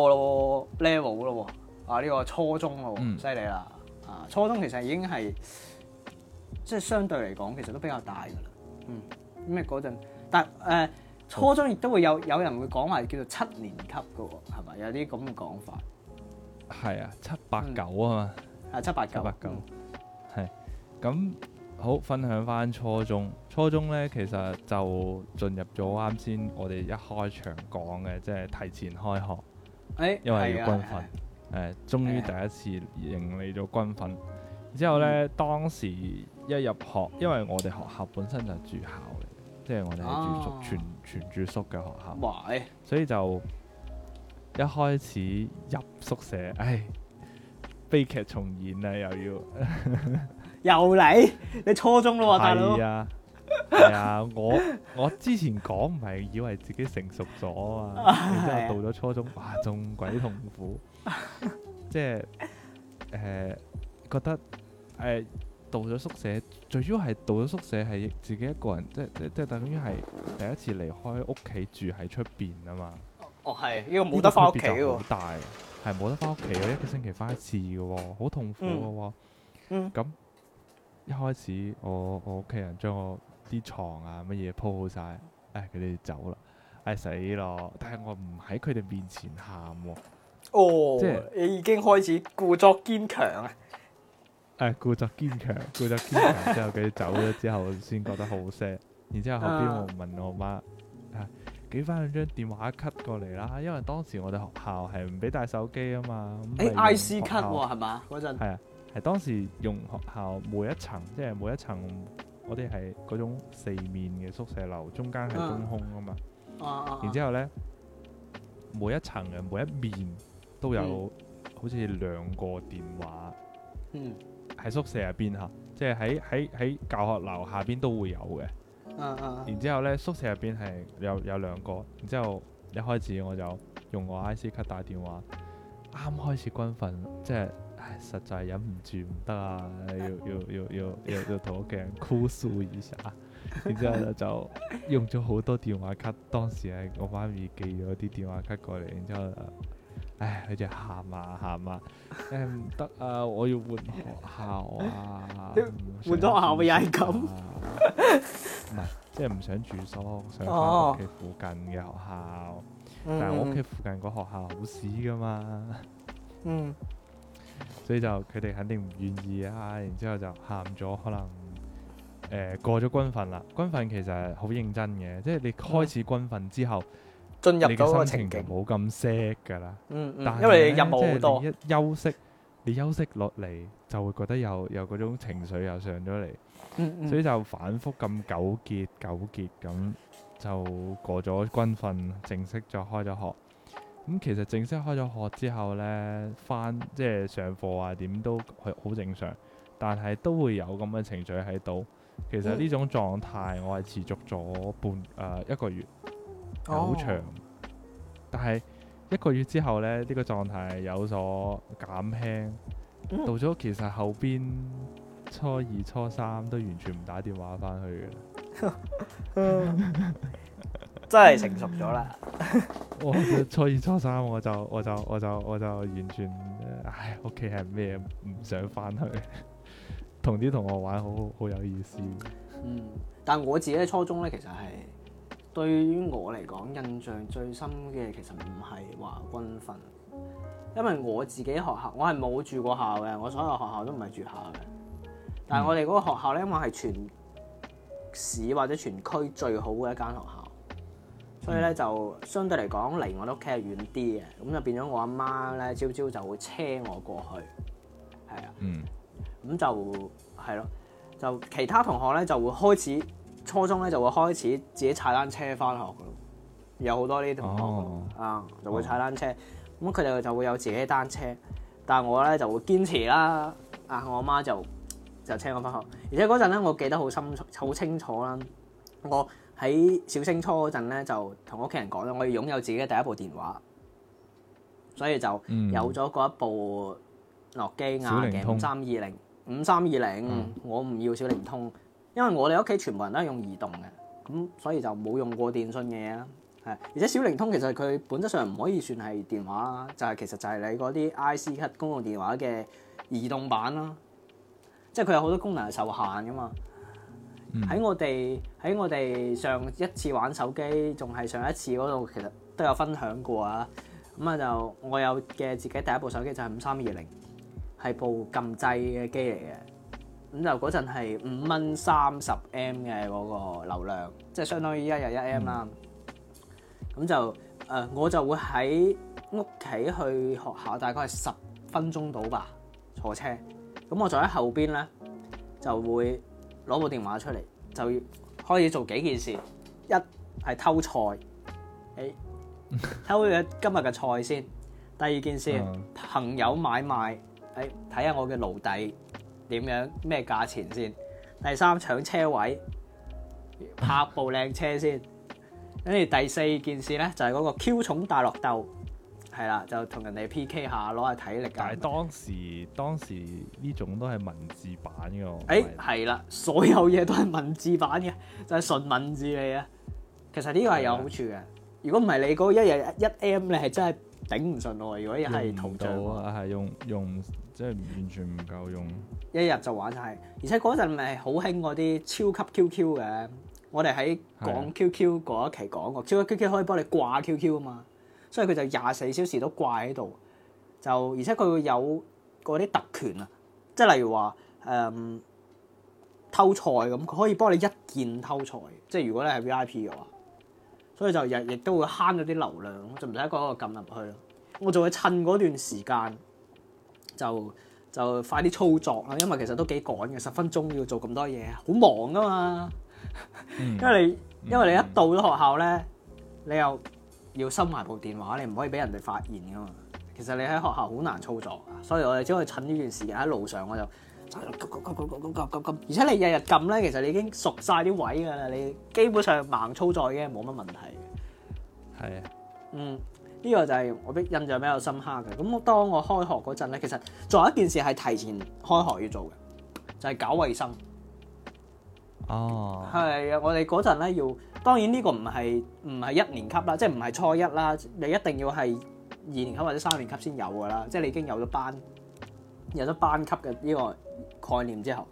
level 咯，啊呢個初中咯，唔犀利啦！啊、嗯、初中其實已經係即係相對嚟講，其實都比較大噶啦。嗯，咩啊嗰陣，但誒、呃、初中亦都會有有人會講話叫做七年級噶喎，係咪有啲咁嘅講法？係啊，七八九啊嘛、嗯，啊七八九，八九，係咁、嗯。好，分享翻初中。初中呢，其實就進入咗啱先我哋一開場講嘅，即係提前開學，哎、因為要軍訓。誒的，終於第一次迎嚟咗軍訓。之的後呢，嗯、當時一入學，因為我哋學校本身就住校嘅，即係我哋係住宿、哦、全全住宿嘅學校，喂所以就一開始入宿舍，唉、哎，悲劇重演啊，又要。 又嚟？你初中咯，大佬。係啊，啊 我我之前講唔係以為自己成熟咗啊，然之後 到咗初中哇，仲鬼痛苦。 即係誒、呃，覺得誒、呃，到咗宿舍，最主要係到咗宿舍係自己一個人，即係即係，等於係第一次離開屋企住喺出邊啊嘛。哦，係呢個冇得翻屋企好大係冇得翻屋企，一個星期翻一次噶，好痛苦噶、嗯。嗯，咁。一開始我我屋企人將我啲床啊乜嘢鋪好晒，唉，佢哋走啦，唉，死咯！但係我唔喺佢哋面前喊、啊，哦，即係是你已經開始故作堅強啊？誒，故作堅強，故作堅強之後，佢哋走咗之後，先覺得好 sad。 然之後後邊我問我媽，啊，寄翻兩張電話卡過嚟啦，因為當時我哋學校係唔俾帶手機啊嘛，誒，I C 卡係、哦、嘛？嗰陣係啊。係當時用學校每一層，即係每一層，我哋係嗰種四面嘅宿舍樓，中間係中空噶嘛。啊啊、然之後呢，每一層嘅每一面都有、嗯、好似兩個電話。嗯。喺宿舍入邊吓，即係喺喺喺教學樓下邊都會有嘅。啊啊、然之後呢，宿舍入邊係有有兩個。然之後一開始我就用我 IC 卡打電話，啱開始軍訓即係。實在忍唔住唔得啊！要要要要要同屋企人哭訴一下，然之後就用咗好多電話卡。當時係我媽咪寄咗啲電話卡過嚟，然之後唉，佢就喊啊喊啊！誒唔得啊，我要換學校啊！換咗學校咪又係咁？唔係，即係唔想住宿，想翻屋企附近嘅學校。哦、但係我屋企附近個學校好屎㗎嘛。嗯。嗯所以就佢哋肯定唔願意啊，然之後就喊咗，可能誒、呃、過咗軍訓啦。軍訓其實好認真嘅，即係你開始軍訓之後，進入到個情境冇咁 sad 噶啦。嗯嗯。因為你任務好多，一休息你休息落嚟就會覺得有有嗰種情緒又上咗嚟，嗯嗯、所以就反覆咁糾結糾結咁，就過咗軍訓，正式就開咗學。咁、嗯、其實正式開咗學之後呢，翻即係上課啊點都係好正常，但係都會有咁嘅情緒喺度。其實呢種狀態我係持續咗半誒、呃、一個月，好長。Oh. 但係一個月之後呢，呢、呢個狀態有所減輕。到咗其實後邊初二、初三都完全唔打電話返去嘅。Oh. 真係成熟咗啦、嗯！ 我初二、初三我就我就我就我就完全唉，屋企係咩唔想翻去，同啲同學玩好好有意思。嗯，但我自己喺初中呢，其實係對於我嚟講印象最深嘅，其實唔係話軍訓，因為我自己學校我係冇住過校嘅，我所有學校都唔係住校嘅。但係我哋嗰個學校呢，因為係全市或者全區最好嘅一間學校。所以咧就相對嚟講離我屋企係遠啲嘅，咁就變咗我阿媽咧朝朝就會車我過去，係啊，嗯，咁就係咯，就其他同學咧就會開始初中咧就會開始自己踩單車翻學，有好多呢啲同學啊、哦嗯、就會踩單車，咁佢哋就會有自己單車，但係我咧就會堅持啦，啊我阿媽就就車我翻學，而且嗰陣咧我記得好深好清楚啦，我。喺小升初嗰陣咧，就同屋企人講啦，我要擁有自己嘅第一部電話，所以就有咗嗰一部諾基亞嘅五三二零。五三二零，我唔要小靈通，因為我哋屋企全部人都係用移動嘅，咁所以就冇用過電信嘅嘢啦。係，而且小靈通其實佢本質上唔可以算係電話，就係、是、其實就係你嗰啲 IC 卡公共電話嘅移動版啦，即係佢有好多功能係受限㗎嘛。喺我哋喺我哋上一次玩手機，仲係上一次嗰度，其實都有分享過啊。咁啊，就我有嘅自己第一部手機就係五三二零，係部撳掣嘅機嚟嘅。咁就嗰陣係五蚊三十 M 嘅嗰個流量，即係相當於一日一 M 啦。咁就誒，我就會喺屋企去學校，大概係十分鐘到吧，坐車。咁我坐喺後邊咧，就會。攞部電話出嚟，就要開始做幾件事。一係偷菜，哎、欸，偷咗今日嘅菜先。第二件事，朋友買賣，哎、欸，睇下我嘅奴隸點樣，咩價錢先。第三，搶車位，拍部靚車先。跟住 第四件事咧，就係、是、嗰個 Q 寵大樂鬥。係啦，就同人哋 P K 下，攞下體力。但係當時當時呢種都係文字版嘅。誒、欸，係啦是，所有嘢都係文字版嘅，就係、是、純文字嚟啊。其實呢個係有好處嘅對了。如果唔係你嗰一日一 M，你係真係頂唔順喎。如果又係圖像，係用用即係完全唔夠用。一日就玩晒。而且嗰陣咪好興嗰啲超級 QQ 嘅。我哋喺講 QQ 嗰對了 一期講過，超級 QQ 可以幫你掛 QQ 啊嘛。所以佢就廿四小時都掛喺度，就而且佢會有嗰啲特權啊，即係例如話誒、嗯、偷菜咁，佢可以幫你一鍵偷菜，即係如果你係 VIP 嘅話。所以就日日都會慳咗啲流量，就唔使個個撳入去咯。我仲會趁嗰段時間就就快啲操作啦，因為其實都幾趕嘅，十分鐘要做咁多嘢，好忙啊嘛。因為你因為你一到咗學校咧，你又～要收埋部電話，你唔可以俾人哋發現噶嘛。其實你喺學校好難操作，所以我哋只可以趁呢段時間喺路上，我就撳撳撳撳撳撳撳撳。而且你日日撳咧，其實你已經熟晒啲位噶啦，你基本上盲操作嘅冇乜問題。係啊的，嗯，呢、這個就係我啲印象比較深刻嘅。咁當我開學嗰陣咧，其實仲有一件事係提前開學要做嘅，就係、是、搞衞生。哦，係啊，我哋嗰陣咧要。當然呢個唔係唔係一年級啦，即係唔係初一啦，你一定要係二年級或者三年級先有㗎啦，即係你已經有咗班有咗班級嘅呢個概念之後，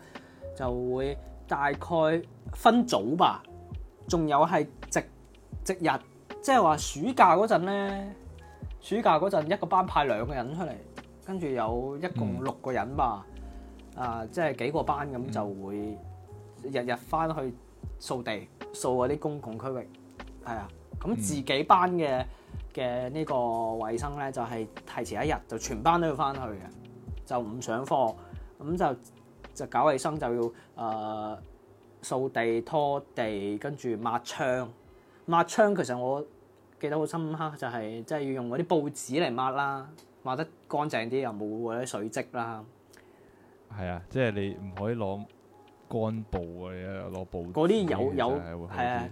就會大概分組吧，仲有係值值日，即係話暑假嗰陣呢，暑假嗰陣一個班派兩個人出嚟，跟住有一共六個人吧，啊，即係幾個班咁就會日日返去掃地。掃嗰啲公共區域，係啊，咁自己班嘅嘅呢個衞生咧，就係提前一日就全班都要翻去嘅，就唔上課，咁就就搞衞生就要誒掃地拖地，跟住抹窗。抹窗其實我記得好深刻，就係即係要用嗰啲報紙嚟抹啦，抹得乾淨啲又冇嗰啲水漬啦。係啊，即係你唔可以攞。幹部啊！攞布嗰啲有有係 啊，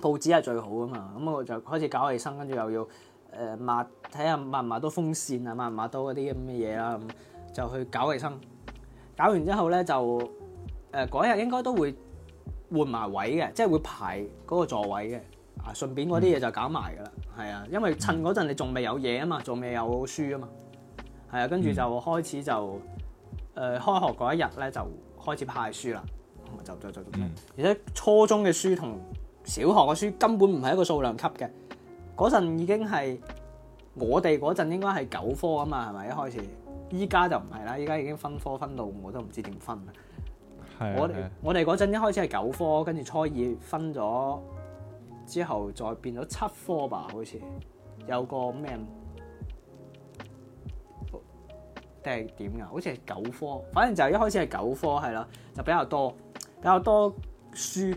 報紙係最好啊嘛。咁我就開始搞衞生，跟住又要誒抹睇下抹唔抹到風扇擦擦到啊，抹唔抹到嗰啲咁嘅嘢啦。咁就去搞衞生，搞完之後咧就誒嗰一日應該都會換埋位嘅，即係會排嗰個座位嘅啊。順便嗰啲嘢就搞埋噶啦，係、嗯、啊，因為趁嗰陣你仲未有嘢啊嘛，仲未有書啊嘛，係啊，跟住就開始就誒、呃、開學嗰一日咧就。開始派書啦，同埋就就就咁、嗯、而且初中嘅書同小學嘅書根本唔係一個數量級嘅。嗰陣已經係我哋嗰陣應該係九科啊嘛，係咪一開始？依家就唔係啦，依家已經分科分到我都唔知點分啦。是的 我是的 我哋嗰陣一開始係九科，跟住初二分咗之後再變咗七科吧，好似有個咩？定係點噶？好似係九科，反正就係一開始係九科，係啦，就比較多，比較多書，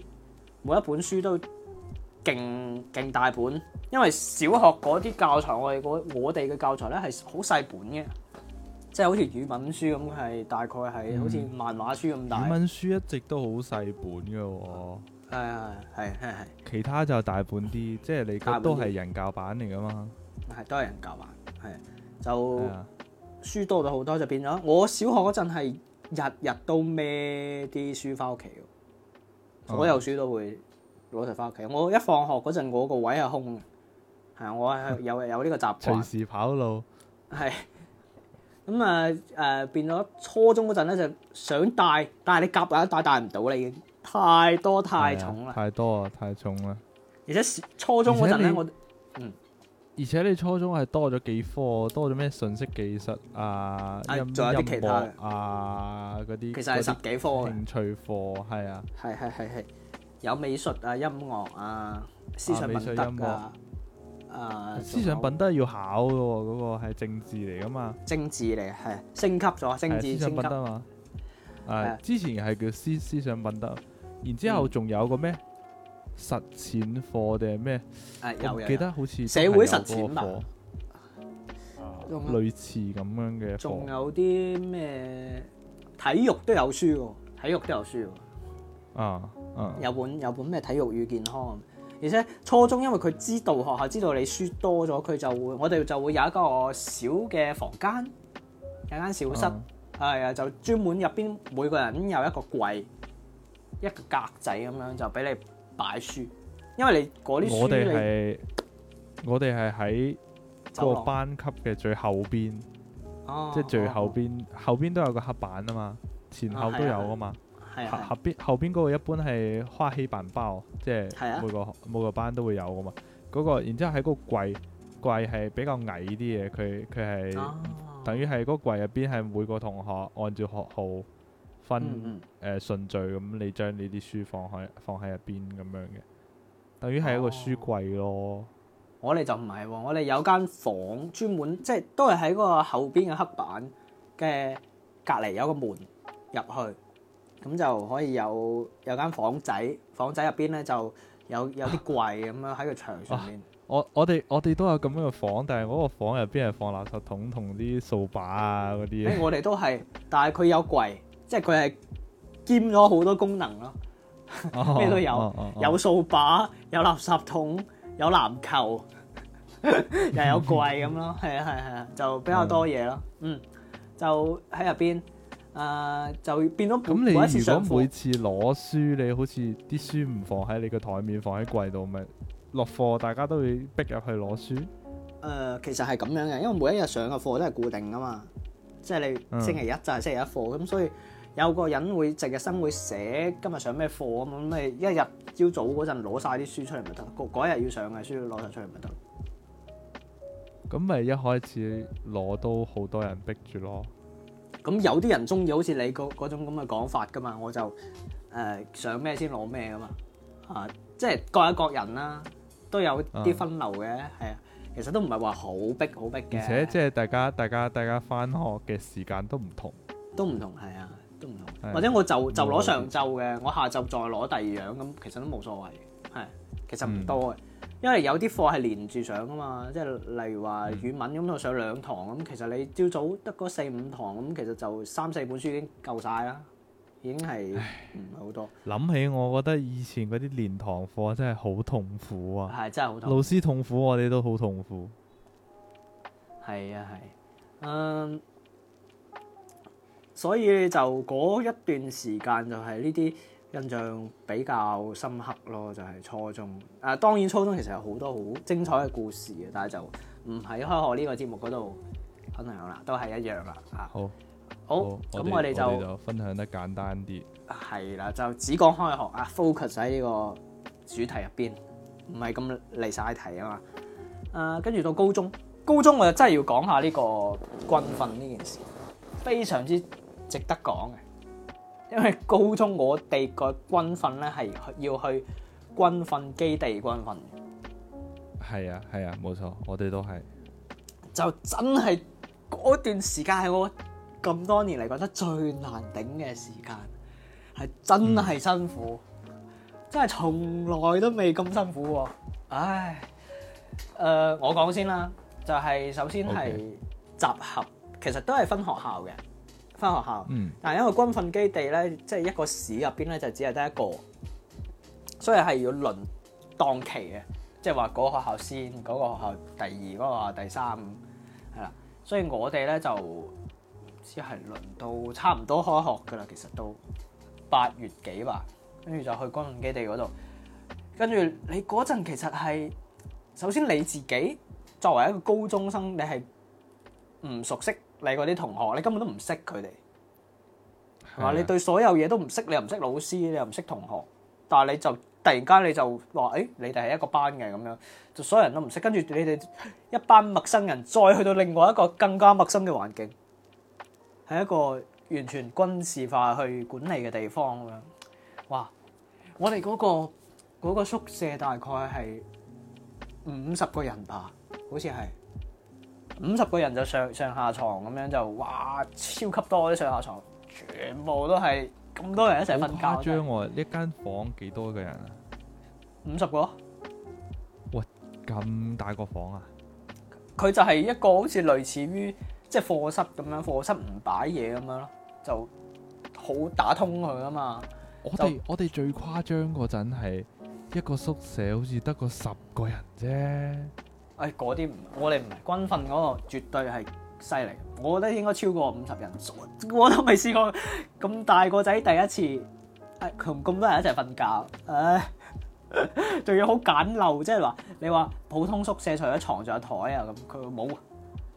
每一本書都勁勁大本，因為小學嗰啲教材，我哋我哋嘅教材咧係好細本嘅，即係好似語文書咁，係大概係好似漫畫書咁大、嗯。語文書一直都好細本噶喎、哦，係係係係係。其他就大本啲，本即係你都係人教版嚟噶嘛，係都係人教版，係就。書多咗好多就變咗，我小學嗰陣係日日都孭啲書翻屋企，所有書都會攞齊翻屋企。我一放學嗰陣，我個位係空嘅，係我係有有呢個習慣。隨時跑路。係，咁啊，誒變咗初中嗰陣咧就想帶，但係你夾埋一帶帶唔到嚟嘅，已經太多太重啦、哎。太多啊，太重啦。而且初中嗰陣咧，我嗯。而且你初中係多咗幾科，多咗咩信息技術啊，音音樂啊，嗰啲，其實係十幾科興趣課，係啊的，係係係係，有美術啊，音樂啊，思想品德啊，啊音啊思想品德要考嘅喎，嗰、嗰個係政治嚟噶嘛，政治嚟，係升級咗，政治的升級，係、啊、之前係叫思思想品德，然之後仲、嗯、有個咩？實踐課定係咩？啊、有有有我記得好似社會實踐吧，類似咁樣嘅。仲有啲咩體育都有書嘅，體育都有書嘅、啊。啊有本有本咩體育與健康，而且初中因為佢知道學校知道你書多咗，佢就會我哋就會有一個小嘅房間，有間小室，係啊，就專門入邊每個人有一個櫃，一個格仔咁樣就俾你。擺書，因為你嗰啲書我哋係你我哋係喺嗰個班級嘅最後邊，路即係最後邊、啊、後邊都有個黑板啊嘛，前後都有啊嘛。啊啊啊後邊、啊啊、後邊後邊嗰個一般係花氣板包，即係每個、啊、每個班都會有噶嘛。嗰、那個然之後喺個櫃櫃係比較矮啲嘅，佢佢係等於係嗰個櫃入邊係每個同學按照學號。分誒順序咁，你將呢啲書放喺放喺入邊咁樣嘅，等於係一個書櫃咯。我哋就唔係喎，我哋、啊、有間房專門，即係都係喺嗰個後邊嘅黑板嘅隔籬有個門入去，咁就可以有有間房仔，房仔入邊咧就有有啲櫃咁樣喺個牆上面。啊、我我哋我哋都有咁樣嘅房，但係嗰個房入邊係放垃圾桶同啲掃把啊嗰啲。誒，我哋都係，但係佢有櫃。即係佢係兼咗好多功能咯，咩、啊、哈 都有，啊啊啊啊有掃把，有垃圾桶，有籃球， 又有櫃咁咯，係啊係啊，就比較多嘢咯，對 嗯，就喺入邊，誒、呃，就變咗咁，你如果每次上課，如果每次攞書，你好似啲書唔放喺你嘅台面，放喺櫃度，咪落課大家都要逼入去攞書。誒， 其實係咁樣嘅，因為每一日上嘅課都係固定噶嘛，即係你星期一就係星期一課，咁所以。有個人會值日生會寫今日上咩課咁，咁你一日朝早嗰陣攞晒啲書出嚟咪得。嗰嗰一日要上嘅書攞晒出嚟咪得。咁咪一開始攞都好多人逼住囉。咁有啲人中意好似你個嗰種咁嘅講法㗎嘛？我就誒、呃、上咩先攞咩㗎嘛。啊，即係各有各人啦、啊，都有啲分流嘅，係啊、嗯。其實都唔係話好逼好逼嘅。而且即係大家大家大家返學嘅時間都唔同，嗯、都唔同係啊。或者我就就攞上晝嘅，我下晝再攞第二樣咁，其實都冇所謂，係其實唔多嘅，嗯、因為有啲課係連住上啊嘛，即係例如話語文咁都、嗯、上兩堂咁，其實你朝早得嗰四五堂咁，其實就三四本書已經夠晒啦，已經係唔係好多。諗起我覺得以前嗰啲連堂課真係好痛苦啊，係真係好痛苦，老師痛苦，我哋都好痛苦。係啊，係，嗯。所以就嗰一段時間就係呢啲印象比較深刻咯，就係、是、初中。啊，當然初中其實有好多好精彩嘅故事嘅，但係就唔喺開學呢個節目嗰度分享啦，都係一樣啦。好啊，好，好，咁我哋就，就分享得簡單啲。係啦，就只講開學啊，focus 喺呢個主題入邊，唔係咁離晒題啊嘛。啊，跟住到高中，高中我就真係要講下呢個軍訓呢件事，非常之～值得講嘅，因為高中我哋個軍訓咧，係要去軍訓基地軍訓嘅。係啊，係啊，冇錯，我哋都係。就真係嗰段時間係我咁多年嚟覺得最難頂嘅時間，係真係辛苦，嗯、真係從來都未咁辛苦喎。唉，誒、呃，我講先啦，就係、係、首先係集合，Okay. 其實都係分學校嘅。翻學校，但係因為軍訓基地咧，即係一個市入邊咧就只係得一個，所以係要輪檔期嘅，即係話嗰個學校先，嗰個學校第二，嗰個學校第三，係啦。所以我哋咧就先係輪到差唔多開學噶啦，其實都八月幾吧，跟住就去軍訓基地嗰度。跟住你嗰陣其實係，首先你自己作為一個高中生，你係唔熟悉。你嗰啲同學，你根本都唔識佢哋，係嘛？你對所有嘢都唔識，你又唔識老師，你又唔識同學，但係你就突然間你就話，誒，你哋係一個班嘅咁樣，就所有人都唔識。跟住你哋一班陌生人，再去到另外一個更加陌生嘅環境，係一個完全軍事化去管理嘅地方咁樣。哇！我哋嗰個嗰個宿舍大概係五十個人吧，好似係。五十個人就上上下床，咁樣就哇超級多啲上下床，全部都係咁多人一齊瞓覺。誇張喎、啊！呢的間房幾多個人啊？五十個。哇！咁大個房啊！佢就係一個好似類似於即係、就是、課室咁樣，課室唔擺嘢咁樣咯，就好打通佢啊嘛。我哋們就我哋最誇張嗰陣係一個宿舍好似得個十個人啫。啲唔、哎，我哋唔係軍訓嗰個絕對係犀利，我覺得應該超過五十人數，我，我都未試過咁大個仔第一次誒同咁多人一齊瞓覺，唉、哎，仲要好簡陋，即係話你話普通宿舍除咗床仲有台啊咁，佢冇，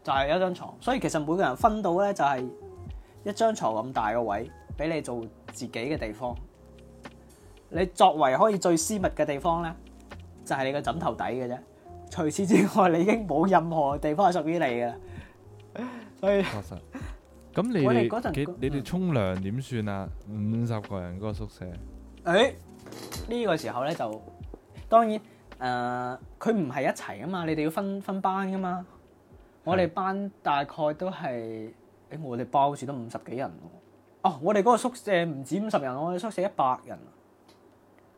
就係、是、有一張床。所以其實每個人分到咧就係一張床咁大個位俾你做自己嘅地方，你作為可以最私密嘅地方咧，就係、是、你個枕頭底嘅啫。除此之外，你已經冇任何地方係屬於你嘅， 所以確實，咁你你你哋沖涼點算啊？五十個人嗰個宿舍，誒呢、欸這個時候咧就當然誒，佢唔係一齊啊嘛，你哋要分分班噶嘛。是的 我哋班大概都係誒、欸，我哋包住都五十幾人哦、啊啊，我哋嗰個宿舍唔止五十人，我哋宿舍一百人，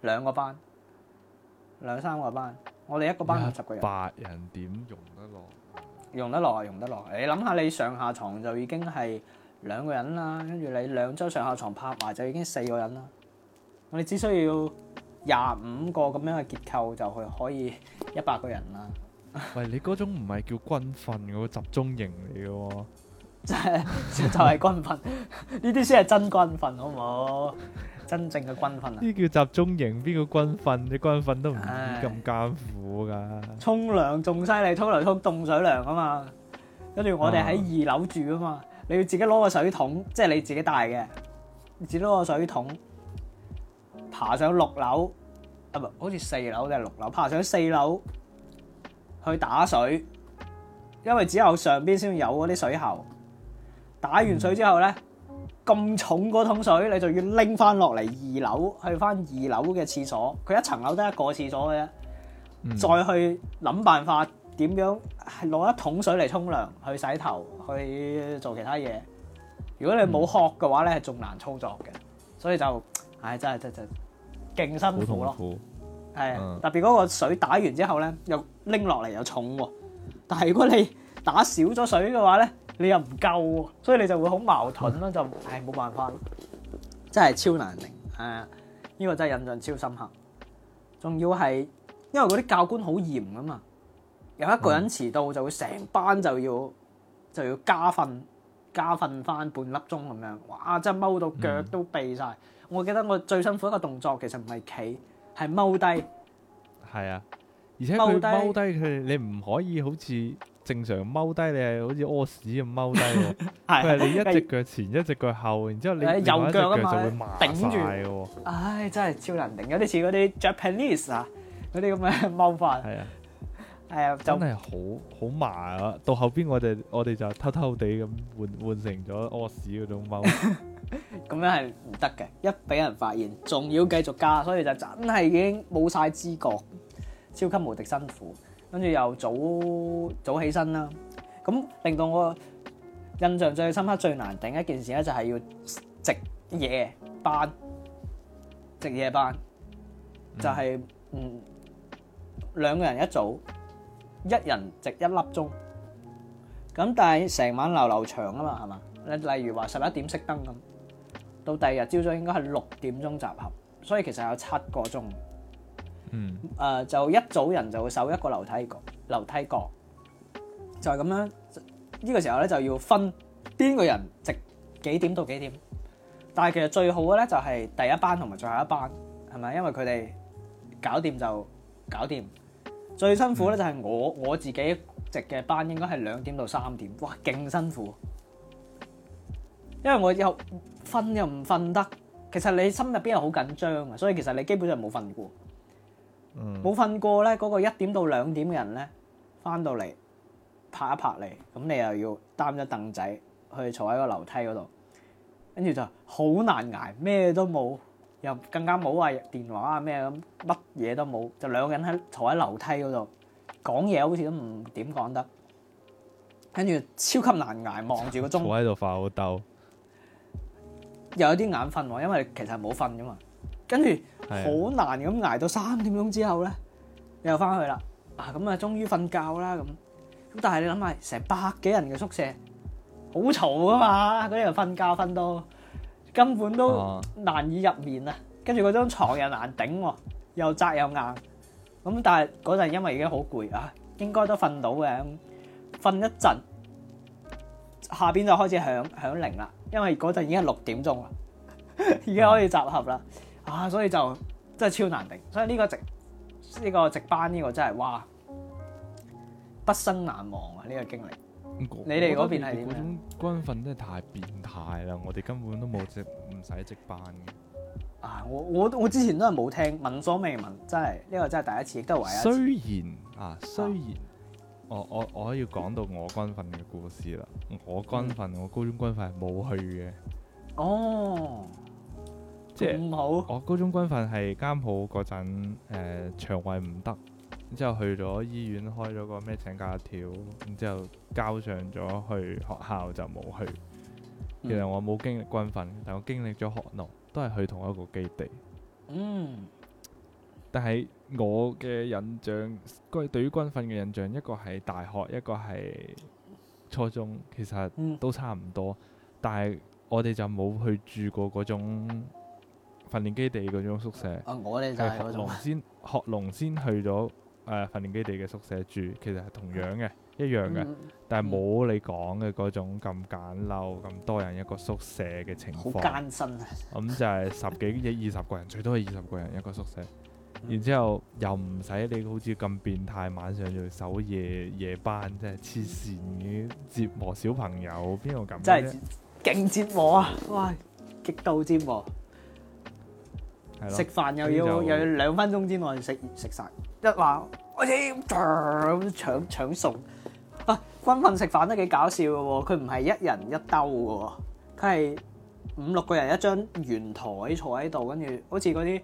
兩個班，兩三個班。我哋一個班十個人，百人點容得落？容得落啊，容得落！你諗下，你上下床就已經係兩個人啦，跟住你兩張上下床拍埋就已經四個人啦。我哋只需要廿五個咁樣嘅結構就去可以一百個人啦。喂，你嗰種唔係叫軍訓嘅喎，集中營嚟嘅喎。即係 就係軍訓，呢啲先係真軍訓，好唔好？真正嘅軍訓啊！呢叫集中營，邊個軍訓？啲軍訓都唔咁艱苦噶。沖涼仲犀利，沖涼沖凍水涼啊嘛！跟住我哋喺二樓住啊嘛，啊你要自己攞個水桶，即係你自己帶嘅，自己攞個水桶，爬上六樓，啊好似四樓定係六樓，爬上四樓去打水，因為只有上邊先有嗰啲水喉。打完水之後咧。嗯咁重嗰桶水，你就要拎翻落嚟二樓，去翻二樓嘅廁所。佢一層樓得一個廁所嘅啫，嗯、再去諗辦法點樣係攞一桶水嚟沖涼、去洗頭、去做其他嘢。如果你冇殼嘅話咧，係仲、嗯、難操作嘅。所以就，唉、哎，真係真真勁辛苦咯。係特別嗰個水打完之後咧，又拎落嚟又重喎。但係如果你打少咗水嘅話咧，你又唔夠、啊，所以你就會好矛盾咯、啊，就唉冇辦法，真係超難頂，係啊，呢個真係印象超深刻。仲要係因為嗰啲教官好嚴噶嘛，有一個人遲到就會成班就要、嗯、就要加訓加訓返半粒鐘咁樣，哇！真係踎到腳都痹晒。嗯、我記得我最辛苦一個動作其實唔係企，係踎低。係啊，而且佢踎低佢，你唔可以好似。正常踎低你係好似屙屎咁踎低喎，佢係、 啊、你一隻腳前但一隻腳後，然之後你右腳啊就會麻住。喎。唉、哎，真係超難頂，有啲似嗰啲 Japanese 啊，嗰啲咁嘅踎法。係啊，係啊，真係好好麻啊！到後邊我哋我哋就偷偷地咁換換成咗屙屎嗰種踎。咁 樣係唔得嘅，一俾人發現，仲要繼續加，所以就真係已經冇晒知覺，超級無敵辛苦。跟住又早早起身啦，咁令到我印象最深刻、最難頂一件事咧，就係要值夜班。值夜班就係嗯，兩個人一組，一人值一粒鐘。咁但係成晚流流長啊嘛，係嘛？例如話十一點熄燈咁，到第二日朝早應該係六點鐘集合，所以其實有七個鐘。嗯，誒、uh，就一組人就會守一個樓梯角，樓梯角就係、是、咁樣。呢、這個時候咧就要分邊個人值幾點到幾點，但係其實最好嘅咧就係第一班同埋最後一班係咪？因為佢哋搞掂就搞掂，最辛苦咧就係我我自己值嘅班應該係兩點到三點，哇勁辛苦，因為我又瞓又唔瞓得。其實你心入邊又好緊張啊，所以其實你基本上冇瞓過。冇瞓過咧，嗰個一點到兩點嘅人咧，翻到嚟拍一拍嚟。咁你又要擔咗凳仔去坐喺個樓梯嗰度，跟住就好難捱，咩都冇，又更加冇話電話啊咩咁，乜嘢都冇，就兩個人喺坐喺樓梯嗰度講嘢，好似都唔點講得，跟住超級難捱，望住個鐘，我喺度發好鬥，又有啲眼瞓喎，因為其實冇瞓㗎嘛。跟住好難咁挨到三點鐘之後咧，又翻去啦。啊，咁、嗯、啊，終於瞓覺啦咁。咁、嗯、但係你諗下，成百幾人嘅宿舍好嘈啊嘛，嗰啲人瞓覺瞓到根本都難以入眠啊。跟住嗰張床又難頂，又窄又硬。咁、嗯、但係嗰陣因為已經好攰啊，應該都瞓到嘅。瞓、嗯、一陣，下邊就開始響響鈴啦。因為嗰陣已經係六點鐘啦，已 經可以集合啦。啊！所以就真係超難頂，所以呢個值呢、呢個值班呢個真係哇，畢生難忘啊！呢、呢個經歷，我你哋嗰邊係點？嗰種軍訓真係太變態啦！我哋根本都冇值，唔使值班嘅。啊！我我我之前都係冇聽聞所未聞，真係呢、呢個真係第一次，亦都係唯一,一。雖然啊，雖然、啊、我我我要講到我軍訓嘅故事啦，我軍訓、嗯、我高中軍訓係冇去嘅。哦。即係唔好。我高中軍訓係啱好嗰陣，誒腸胃唔得，之後去咗醫院開咗個咩請假條，然之後交上咗去學校就冇去。其實我冇經歷軍訓，但我經歷咗學農，都係去同一個基地。嗯、但係我嘅印象，軍對於軍訓嘅印象，一個係大學，一個係初中，其實都差唔多。嗯、但係我哋就冇去住過嗰種。訓練基地嗰種宿舍，啊，我哋就係嗰種。學龍先，學龍先去咗誒、呃、訓練基地嘅宿舍住，其實係同樣嘅，一樣嘅，嗯、但係冇你講嘅嗰種咁簡陋、咁、嗯、多人一個宿舍嘅情況。好艱辛啊！咁、嗯、就係、是、十幾、二十 個人，最多係二十個人一個宿舍，然之後又唔使你好似咁變態，晚上要守夜夜班，即係黐線嘅折磨小朋友，邊個敢？真係勁折磨啊！哇，極度折磨。食飯又要、嗯、又要兩分鐘之內食食曬，一話我始咁搶搶餸啊！軍訓食飯都幾搞笑嘅喎，佢唔係一人一兜嘅喎，佢係五六個人一張圓台坐喺度，跟住好似嗰啲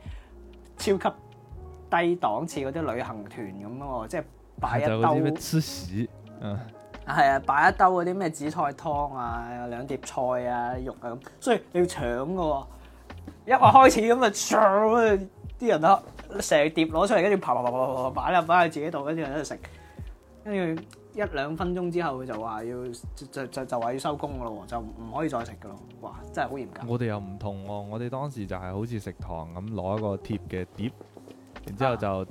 超級低檔次嗰啲旅行團咁咯，即係擺一兜。就嗰啲黐屎，係啊，擺一兜啲咩紫菜湯啊、兩碟菜啊、肉啊咁，所以你要搶嘅喎。一話開始咁啊，嘩，啲人啊，成碟攞出嚟，跟住爬爬爬爬爬擺入擺喺自己度，跟住喺度食。跟住一兩分鐘之後，佢就話要就就就話要收工咯，就唔可以再食噶咯。哇！真係好嚴格。我哋又唔同喎、哦，我哋當時就係好似食堂咁攞一個鐵嘅碟，然之後就誒、啊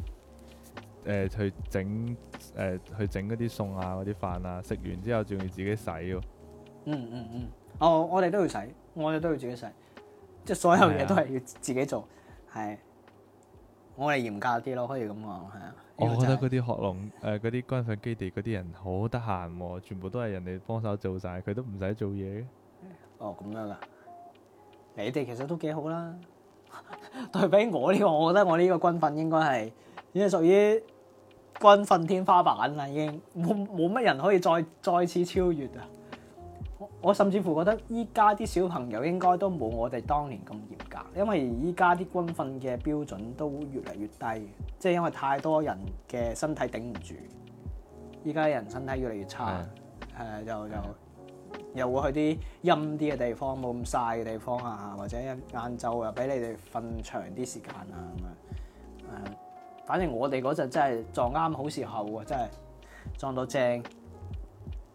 呃、去整誒、呃、去整嗰啲餸啊、嗰啲飯啊，食完之後仲要自己洗喎、哦嗯。嗯嗯嗯，哦，我哋都要洗，我哋都要自己洗。即係所有嘢都係要自己做，係的我哋嚴格啲咯，可以咁講係啊。我覺得嗰啲學龍誒嗰啲軍訓基地嗰啲人好得閒喎，全部都係人哋幫手做晒，佢都唔使做嘢哦，咁樣噶，你哋其實都幾好啦。 對比我呢、這個，我覺得我呢個軍訓應該係已經屬於軍訓天花板啦，已經冇冇乜人可以再再次超越啊！我甚至乎覺得依家啲小朋友應該都冇我哋當年咁嚴格，因為依家啲軍訓嘅標準都越嚟越低，即係因為太多人嘅身體頂唔住。依家人身體越嚟越差，誒 Yeah.、呃、就就 Yeah. 又會去啲陰啲嘅地方，冇咁曬嘅地方啊，或者晏晝啊，俾你哋瞓長啲時間啊咁樣誒。反正我哋嗰陣真係撞啱好時候啊，真係撞到正，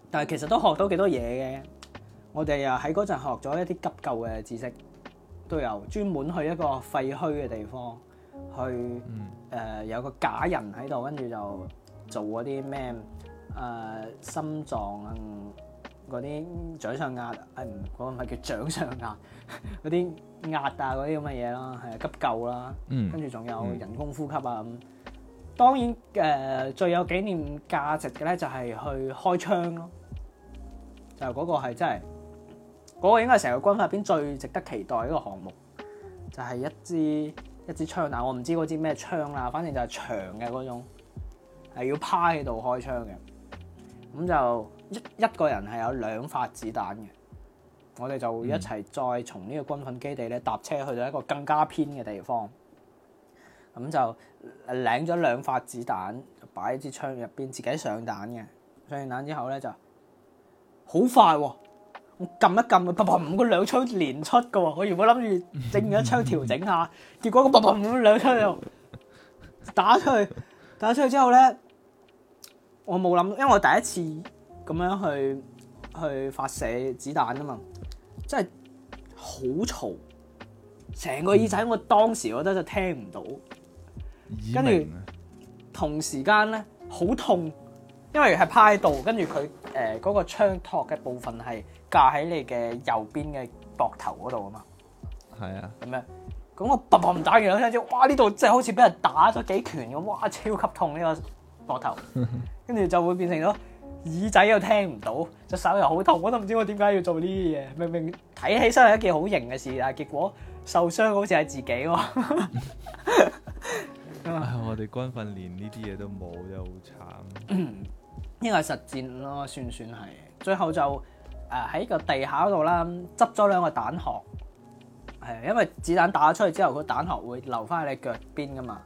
但係其實都學到幾多嘢嘅。我哋又喺嗰陣學咗一啲急救嘅知識，都有專門去一個廢墟嘅地方去，誒、呃、有個假人喺度，跟住就做嗰啲咩誒心臟啊嗰啲掌上壓，誒唔嗰個係叫掌上壓嗰啲 壓啊嗰啲咁嘅嘢啦，係急救啦、啊，跟住仲有人工呼吸啊咁。當然誒、呃、最有紀念價值嘅咧，就係、是、去開槍咯，就嗰、是、個係真係。嗰個應該係成個軍訓入邊最值得期待一個項目，就係、是、一支一支槍，但我唔知嗰支咩槍啦。反正就係長嘅嗰種，係要趴喺度開槍嘅。咁就一一個人係有兩發子彈嘅，我哋就一齊再從呢個軍訓基地咧搭車去到一個更加偏嘅地方。咁就領咗兩發子彈，擺喺支槍入邊，自己上彈嘅。上完彈之後咧，就好快喎、啊！我撳一撳，佢砰砰，佢兩槍連出嘅喎。我原本諗住整完一槍調整下， 結果個砰砰，佢兩槍又打出去。打出去之後咧，我冇諗，因為我第一次咁樣去去發射子彈啊嘛，真係好嘈，成個耳仔我當時我覺得就聽唔到，名跟住同時間咧好痛，因為係趴喺度，跟住佢誒嗰個槍托嘅部分係。架喺你嘅右邊嘅膊頭嗰度啊嘛，係啊嗎，咁樣，咁我砰唔打完兩下之後，哇！呢度真係好似俾人打咗幾拳咁，哇！超級痛呢、這個膊頭，跟住 就會變成咗耳仔又聽唔到，隻手又好痛，我都唔知我點解要做呢啲嘢，明明，睇起身係一件好型嘅事，但係結果受傷好似係自己喎。唉、 嗯，我哋軍訓連呢啲嘢都冇，又好慘。呢個係實戰咯，算唔算係，最後就。誒喺、啊、個地下嗰度啦，執咗兩個彈殼，係因為子彈打出去之後，個彈殼會留翻喺你腳邊㗎嘛，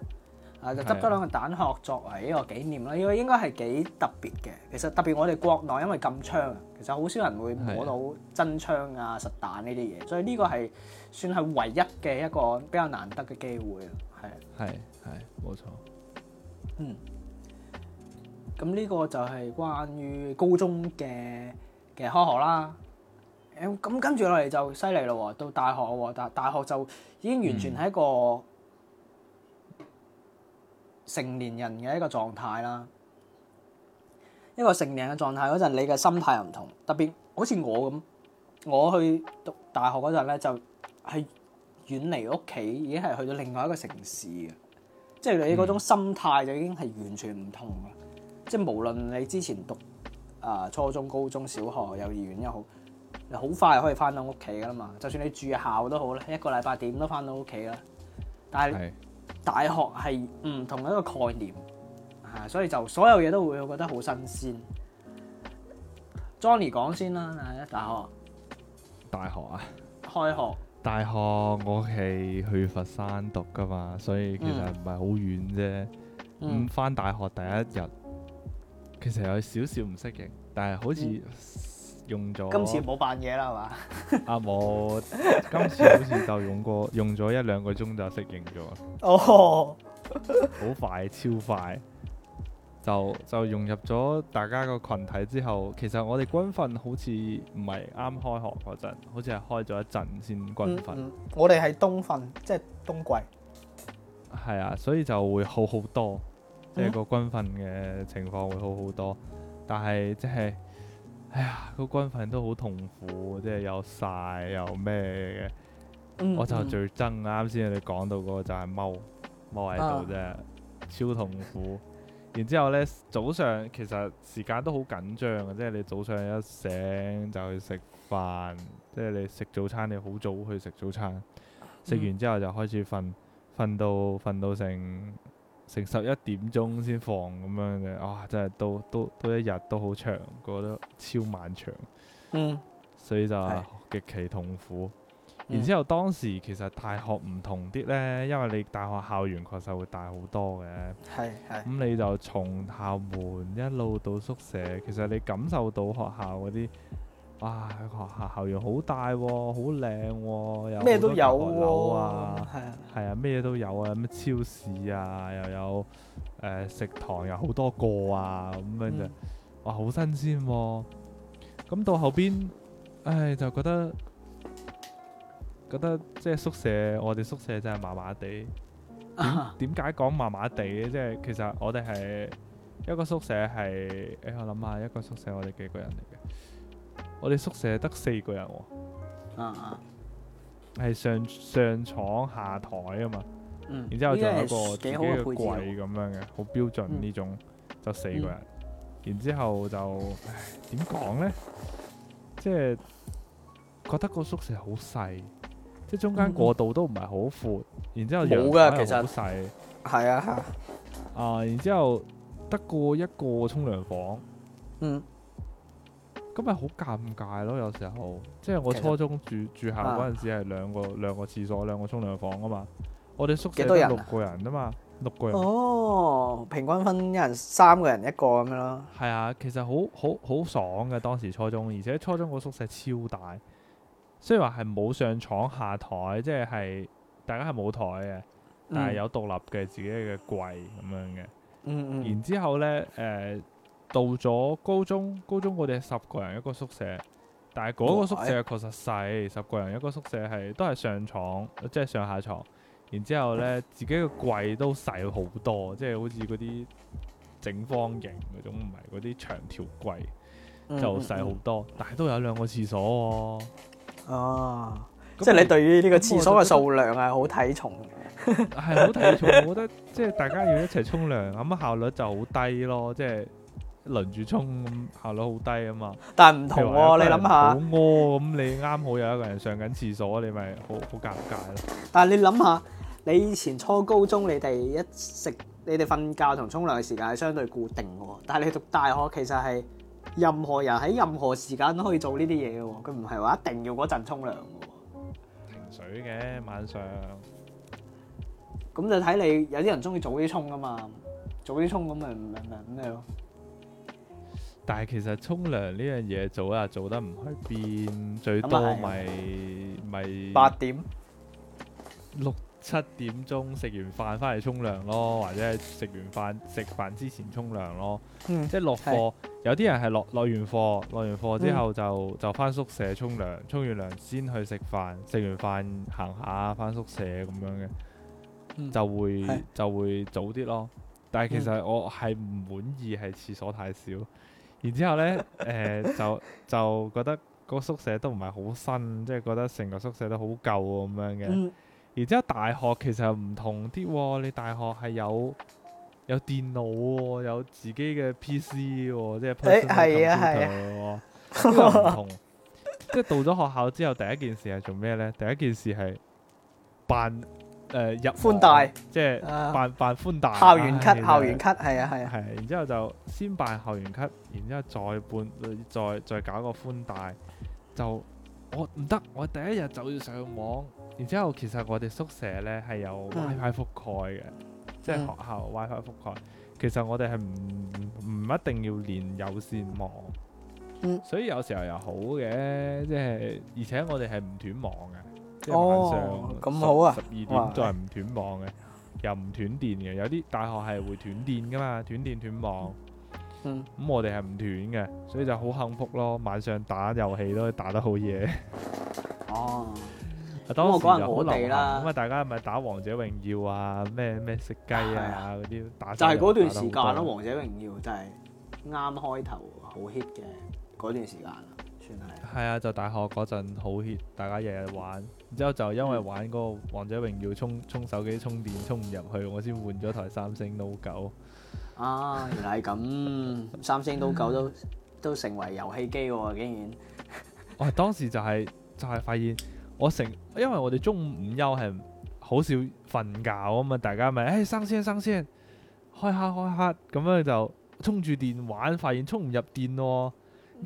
啊就執咗兩個彈殼作為呢個紀念啦，因為應該應該係幾特別嘅。其實特別我哋國內因為禁槍，嗯、其實好少人會摸到真槍啊、嗯、實彈呢啲嘢，所以呢個係算係唯一嘅一個比較難得嘅機會，係啊，係係冇錯，嗯，咁呢個就係關於高中嘅。其實開學啦，誒咁跟住落嚟就犀利咯喎，到大學喎，大學就已經完全係一個成年人嘅一個狀態啦，一個成年嘅狀態嗰陣，你嘅心態又唔同，特別好似我咁，我去讀大學嗰陣咧，就係、是、遠離屋企，已經係去到另外一個城市嘅，即係你嗰種心態就已經係完全唔同啦，嗯、即係無論你之前讀。啊，初中、高中、小學、幼兒園又好，好快可以翻到屋企噶啦嘛。就算你住校都好啦，一個禮拜點都翻到屋企啦。但係大學係唔同一個概念，所以就所有嘢都會覺得好新鮮。Johnny 講先啦，係啊，大學。大學啊。開學。大學我係去佛山讀噶嘛，所以其實唔係好遠啫。咁翻、嗯嗯、大學第一日。其實有少少唔適應，但係好似用咗、嗯、今次冇扮嘢啦，係嘛？阿、 啊、我今次好似就用過，用咗一兩個鐘就適應咗。哦，好 快，超快！就就融入咗大家個群體之後，其實我哋軍訓好似唔係啱開學嗰陣，好似係開咗一陣先軍訓。我哋係冬訓，即、就、係、是、冬季。係啊，所以就會好好多。即係個軍訓嘅情況會好好多，但係即係，哎呀，個軍訓都好痛苦，嗯、即係又曬，又咩嘅。嗯、我就最憎啱先你講到嗰個就係踎，踎喺度啫，啊、超痛苦。然之後呢，早上其實時間都好緊張嘅，即係你早上一醒就去食飯，即係你食早餐你好早去食早餐，食、嗯、完之後就開始瞓，瞓到瞓到成。成十一點鐘先放咁樣嘅，哇！真係都都都一日都好長，過得超漫長。嗯，所以就是極其痛苦。嗯，然之後當時其實大學唔同啲呢，因為你大學校園確實會大好多嘅。係咁你就從校門一路到宿舍，其實你感受到學校嗰啲。哇！學校校園好大，哦，好靚，哦，有咩都有喎。係啊，係啊，咩都有啊，啊啊有咩、啊、超市啊，又有誒、呃、食堂，又好多個啊，咁樣就、嗯、哇好新鮮，哦。咁到後邊，唉，就覺得覺得即係、即係、宿舍，我哋宿舍真係麻麻地。點解講麻麻地嘅？即係、啊、其實我哋係一個宿舍係誒，我諗下一個宿舍我哋幾個人。我哋宿舍得四個人，啊啊，係上上床下台啊嘛，嗯、然之後仲有一個自己嘅櫃咁、嗯、樣嘅，好、嗯、標準呢、嗯、種，就四個人，嗯、然之後就點講呢？即、就、係、是、覺得個宿舍好細，即係中間過度都唔係好闊，嗯、然之後冇噶、啊，其實好細，係啊，啊，然之後得個一個沖涼房，嗯。嗯咁咪好尷尬咯，有時候，即係我初中住實住校嗰陣時，係兩個、啊、兩個廁所，兩個沖涼房啊嘛。我哋宿舍有六個人啊嘛，啊六個人。哦，平均分一人三個人一個咁樣咯。係啊，其實好好好爽嘅當時初中，而且初中個宿舍超大，雖然話係冇上牀下台，即係大家係冇台嘅，嗯、但係有獨立嘅自己嘅櫃咁樣嘅、嗯。嗯嗯。然之後呢。誒、呃。到咗高中，高中我哋十個人一個宿舍，但係嗰個宿舍確實細，十個人一個宿舍係都係上床，即係上下床。然之後呢，自己個櫃都細好多，即係好似嗰啲整方形嗰種，唔係嗰啲長條櫃就細好多。嗯嗯、但係都有兩個廁所、啊，哦、啊，那即係你對於呢個廁所嘅數量係好睇重嘅，係好睇重。 我覺得即係大家要一齊沖涼，咁 效率就好低咯，即係。輪住沖咁效率好低啊嘛！但係唔同喎，你諗下好餓咁，你啱好有一個人上緊廁所，你咪好好尷尬咯。但係你諗下，你以前初高中你哋一食、你哋瞓覺同沖涼嘅時間係相對固定嘅喎。但係你讀大學其實係任何人喺任何時間都可以做呢啲嘢嘅喎。佢唔係話一定要嗰陣沖涼嘅喎。停水嘅晚上，咁就睇你有啲人鍾意早啲沖啊嘛。早啲沖咁咪唔係咩咯？但係其實沖涼呢樣嘢做啊做得唔去邊，最多咪咪八點六七點鐘食完飯返嚟沖涼咯，或者係食完飯食飯之前沖涼咯。嗯、即係落課有啲人係落落完課落完課之後就、嗯、就返宿舍沖涼，沖完涼先去食飯，食完飯行下返宿舍咁樣嘅，嗯、就會是就會早啲咯。但係其實我係唔滿意係廁所太少。然之後呢，誒、呃、就就覺得個宿舍都唔係好新，即係覺得成個宿舍都好舊咁樣嘅。然之後大學其實唔同啲喎，你大學係有有電腦喎、哦，有自己嘅 PC 喎、哦，即係 personal computer 喎，呢個唔同。 即係到咗學校之後，第一件事係做咩呢？第一件事係辦。誒、呃，入寬帶，大即係辦辦寬帶，呃、校園卡，實校園卡，係啊，係、啊。係，然之後就先辦校園卡，然之後再辦，再再，再搞個寬帶。就我唔得，我第一日就要上網。然之後其實我哋宿舍呢係有 WiFi 覆蓋嘅，嗯、即係學校 WiFi 覆蓋。嗯、其實我哋係唔唔一定要連有線網。嗯、所以有時候又好嘅，即係而且我哋係唔斷網嘅。即係晚上 10, 哦，咁好啊！十二點都係唔斷網嘅，哇又唔斷電嘅。有啲大學係會斷電噶嘛，斷電斷網。咁、嗯嗯、我哋係唔斷嘅，所以就好幸福咯。晚上打遊戲都可以打得好嘢哦，當時人好流行啦。咁啊，大家咪打《王者榮耀》啊，咩咩食雞啊嗰啲、啊啊、打，打。就係嗰段時間咯，《王者榮耀》就係啱開頭好 hit 嘅嗰段時間，算係。係啊，就大學嗰陣好 hit，大家日日玩。然之後就因為玩嗰個王者榮耀充充手機充電充唔入去，我先換咗台三星 Note 九。啊，原嚟咁！ 三星 Note 九都都成為遊戲機喎、哦，竟然。我 係、哦、當時就係、是、就係、是、發現我成，因為我哋中午午休係好少瞓覺啊嘛，大家咪誒生先生先開下開下，咁樣就充住電玩，發現充唔入電喎。之後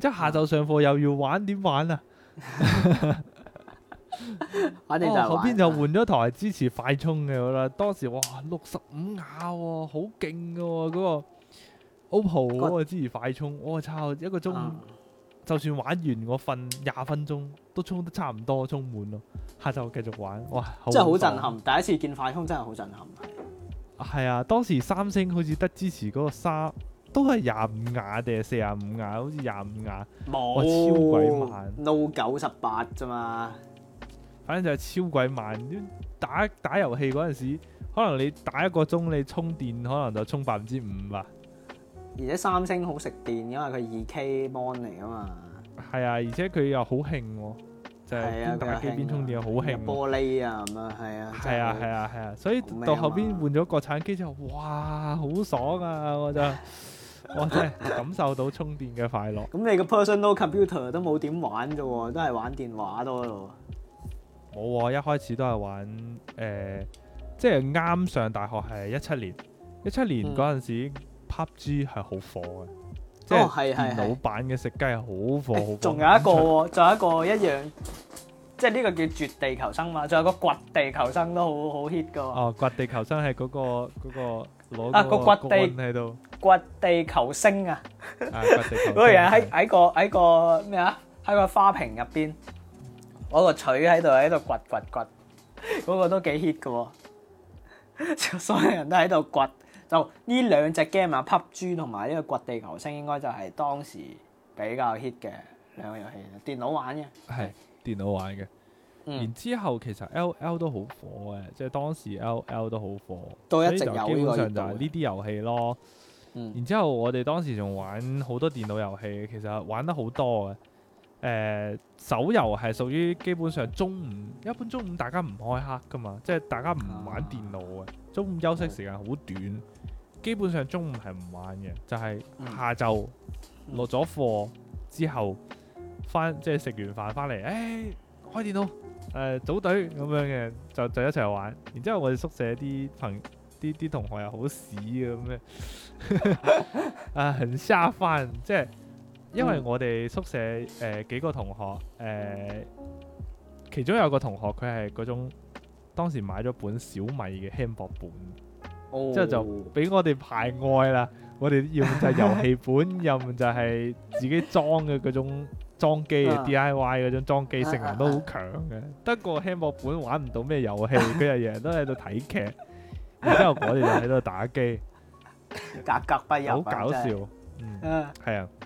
然下晝上課又要玩，點玩啊？ 反正 就、哦、後邊就換咗台支持快充嘅啦。當時哇，六十五瓦，好勁嘅嗰個 OPPO 嗰、那個支持快充，我、哦、操一個鐘，嗯、就算玩完我瞓廿分鐘都充得差唔多，充滿咯。下晝繼續玩，哇！真係好震撼，第一次見快充真係好震撼。係啊、嗯，當時三星好似得支持嗰個三，都係廿五瓦定係四十五瓦，好似廿五瓦，我沒超鬼慢。Note 九十八啫嘛。反正就係超鬼慢，打打遊戲嗰陣時，可能你打一個鐘，你充電可能就充百分之五吧。而且三星好食電，因為佢二 K Mon 嚟啊嘛。係啊，而且佢又好興喎，就係、係啊、邊打機邊充電，好興。玻璃啊，係啊。係、就係、啊係啊係啊，啊，所以到後邊換咗國產機之後，哇，好爽啊！我就， 我真係感受到充電嘅快樂。咁 你個 personal computer 都冇點玩啫喎，都係玩電話多咯。冇啊、哦！一開始都係玩誒、呃，即係啱上大學係一七年，一七年嗰陣時、嗯、PUBG 係好火嘅，哦、即係老闆嘅食雞係好火。仲、哦欸、有一個喎、哦，仲有一個 有一樣，即係呢個叫絕地求生嘛，仲有個掘地求生都好好 hit 嘅。啊、哦，掘地求生係嗰、嗰個嗰、嗰個攞、嗰個棍喺度，掘、啊、地求生，生啊！個人喺喺個喺個咩啊？喺個花瓶入邊。攞個錘喺度喺度掘掘掘，嗰、那個都幾 hit 嘅、哦，就 所有人都喺度掘。就呢兩隻 game 啊 PUBG 同埋呢個掘地求生應該就係當時比較 hit 嘅兩個遊戲，電腦玩嘅。係電腦玩嘅。嗯、然後之後其實 L L 都好火嘅，即、就、係、是、當時 L L 都好火，都一直有基本上就係呢啲遊戲咯。嗯、然後之後我哋當時仲玩好多電腦遊戲，其實玩得好多嘅。誒、呃，手遊係屬於基本上中午，一般中午大家唔開黑噶嘛，即係大家唔玩電腦嘅。中午休息時間好短，基本上中午係唔玩嘅，就係、是、下晝落咗課之後，翻即係食完飯翻嚟，誒、哎、開電腦，誒、呃、組隊咁樣嘅，就就一齊玩。然之後我哋宿舍啲朋啲啲同學又好屎咁樣，啊很下飯即係。因為我哋宿舍誒、呃、幾個同學誒、呃，其中有個同學佢係嗰種當時買咗本小米嘅輕薄本，哦、之後就俾我哋排外啦。我哋要唔就係遊戲本，要唔 就係自己裝嘅嗰種裝機 D I Y 嗰種裝機，性能都好強嘅。得個輕薄本玩唔到咩遊戲，佢日日都喺度睇劇，然之後我哋就喺度打機， 格格不入、啊，好搞笑，嗯，係啊。是啊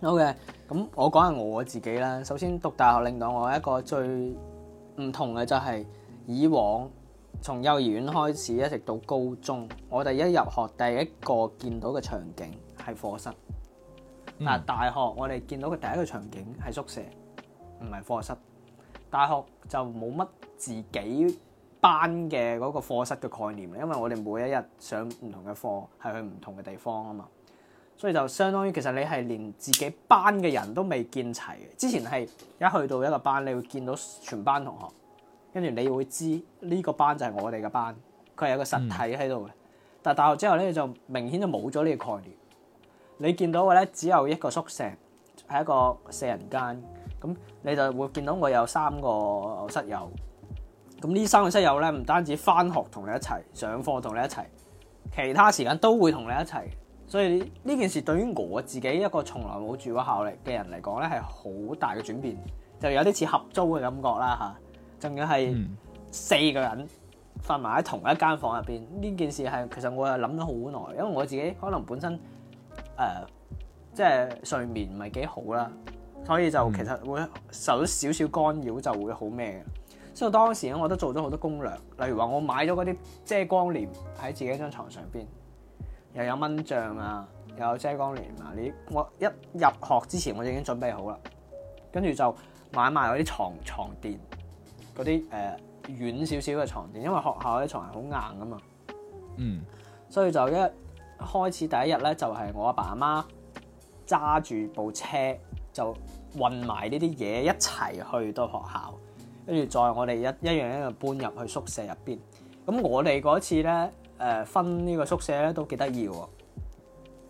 好嘅，咁、okay。我講下我自己啦。首先讀大學令到我一個最唔同嘅就係、是、以往從幼兒園開始一直到高中，我哋一入學第一個見到嘅場景係課室。嗱、嗯，大學我哋見到嘅第一個場景係宿舍，唔係課室。大學就冇乜自己班嘅嗰個課室嘅概念，因為我哋每一日上唔同嘅課係去唔同嘅地方啊嘛。所以就相當於其實你係連自己班嘅人都未見齊嘅。之前係一去到一個班，你會見到全班同學，跟住你會知呢個班就係我哋嘅班，佢係有個實體喺度嘅。但係大學之後咧，就明顯就冇咗呢個概念。你見到嘅咧，只有一個宿舍係一個四人間，咁你就會見到我有三個室友。咁呢三個室友咧，唔單止返學同你一齊上課同你一齊，其他時間都會同你一齊。所以呢件事對於我自己一個從來冇住過校嘅人嚟講呢，係好大嘅轉變，就有啲似合租嘅感覺啦嚇。仲要係四個人瞓埋喺同一間房入邊。呢件事係其實我係諗咗好耐，因為我自己可能本身誒、呃、即係睡眠唔係幾好啦，所以就其實會受咗少少干擾就會好咩嘅。所以當時我都做咗好多攻略，例如話我買咗嗰啲遮光簾喺自己張床上邊。又有蚊帳啊，又有遮光簾啊！你我一入學之前，我就已經準備好啦，跟住就買埋嗰啲床、床墊，嗰啲誒軟少少嘅床墊，因為學校啲床係好硬啊嘛。嗯。所以就一開始第一日咧，就係我阿爸阿媽揸住部車，就運埋呢啲嘢一齊去到學校，跟住再我哋一一樣一樣搬入去宿舍入邊。咁我哋嗰次咧。誒、呃、分呢個宿舍咧都幾得意喎。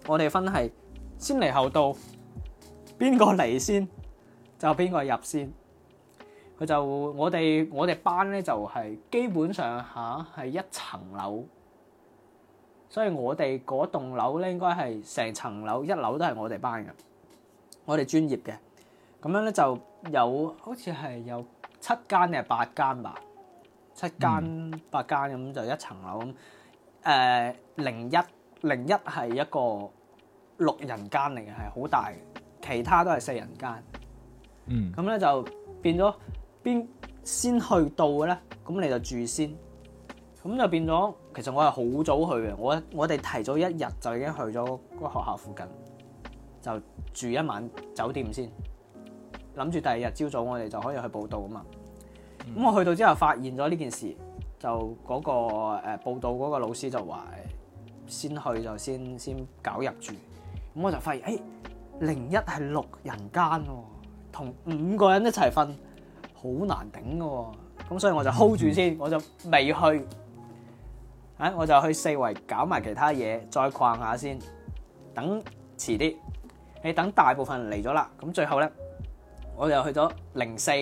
我哋分係先嚟後到，邊個嚟先就邊個先入先。佢就我哋我哋班咧就係、是、基本上下係、啊、一層樓，所以我哋嗰棟樓咧應該係成層樓，一樓都係我哋班嘅。我哋專業嘅咁樣咧就有好似係有七間定係八間吧？七間、嗯、八間咁就一層樓咁。誒零一零一係一個六人間嚟嘅，係好大，其他都係四人間。嗯，咁咧就變咗邊先去到嘅咧，咁你就住先。咁就變咗，其實我係好早去嘅，我我哋提早一日就已經去咗嗰學校附近，就住一晚酒店先，諗住第二日朝早我哋就可以去報到啊嘛。咁、mm. 我去到之後發現咗呢件事。就嗰個誒報到嗰個老師就話，先去就先先搞入住，咁我就發現，誒零一係六人間喎，同五個人一齊瞓好難頂嘅喎，咁所以我就 hold 住先，我就未去，啊我就去四圍搞埋其他嘢，再逛下先，等遲啲，誒等大部分嚟咗啦，咁最後咧，我就去咗零四，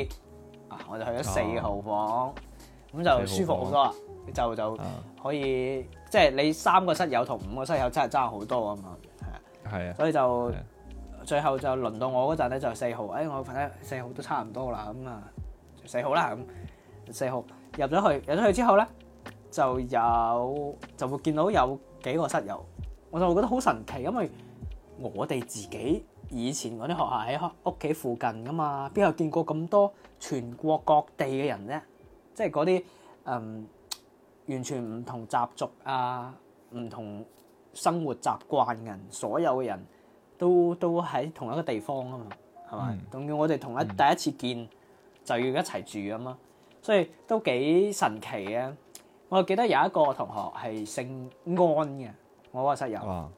啊我就去咗四號房。咁就舒服好多啦，就就可以、啊、即係你三個室友同五個室友真係爭好多啊嘛，係啊，是的 所以就是的 最後就輪到我嗰陣咧就係四號，誒、哎、我瞓得四號都差唔多啦，咁、嗯、啊四號啦，咁四號入咗去，入咗去之後咧就有就會見到有幾個室友，我就會覺得好神奇，因為我哋自己以前嗰啲學校喺屋企附近噶嘛，邊有見過咁多全國各地嘅人啫？即係嗰啲誒完全唔同習俗啊，唔同生活習慣嘅人，所有嘅人都都喺同一個地方啊嘛，係咪？仲要、嗯、我哋同一第一次見、嗯、就要一齊住啊嘛，所以都幾神奇啊。我記得有一個同學係姓安嘅，我個室友。哦。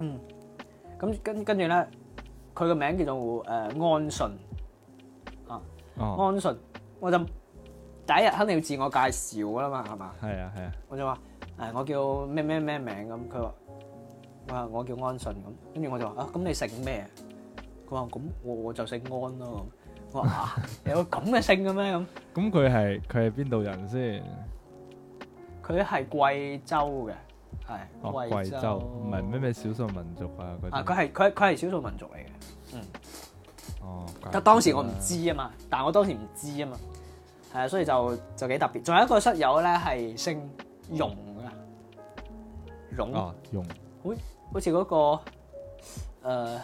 嗯。咁跟跟住咧，佢個名叫做誒、呃、安順。啊。哦、安順，我就。第一日肯定要自我介紹噶啦嘛，係嘛？係啊係啊。啊我就話誒、哎，我叫咩咩咩名咁。佢話：我我叫安信咁。跟住我就話：啊，咁你姓咩？佢話：咁我就姓安咯、啊。 我話：啊、有咁嘅姓嘅咩咁？咁佢係佢係邊度人先？佢係貴州嘅，係。哦，貴州唔係咩咩少數民族啊啲？啊，佢係佢佢係少數民族嚟嘅。嗯。哦。佢、啊、當時我唔知啊嘛，但我當時唔知啊嘛。誒，所以就就幾特別。仲有一個室友咧，係姓容噶，容。哦，容。好好似嗰個誒，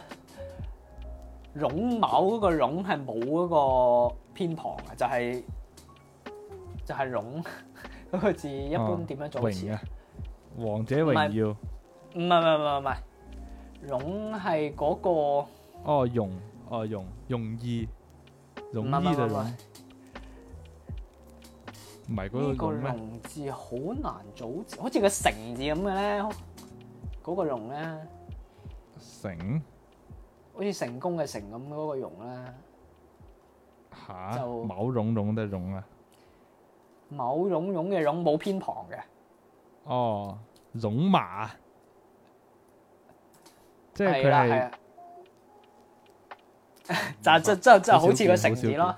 容某嗰個容係冇嗰個偏旁嘅，就係就係容嗰個字一般點樣組詞啊？王者榮耀。唔係唔係唔係唔係，容係嗰個。哦，容哦，容容易，容易嘅容。唔係嗰個咩？個龍字好難組，好似個成字咁嘅咧，嗰、嗰個龍咧。成，好似成功嘅成咁嗰個龍咧。嚇？就毛茸茸嘅茸啊。毛茸茸嘅茸冇偏旁嘅。哦，茸嘛。即係佢係。就就就就好似個成字咯。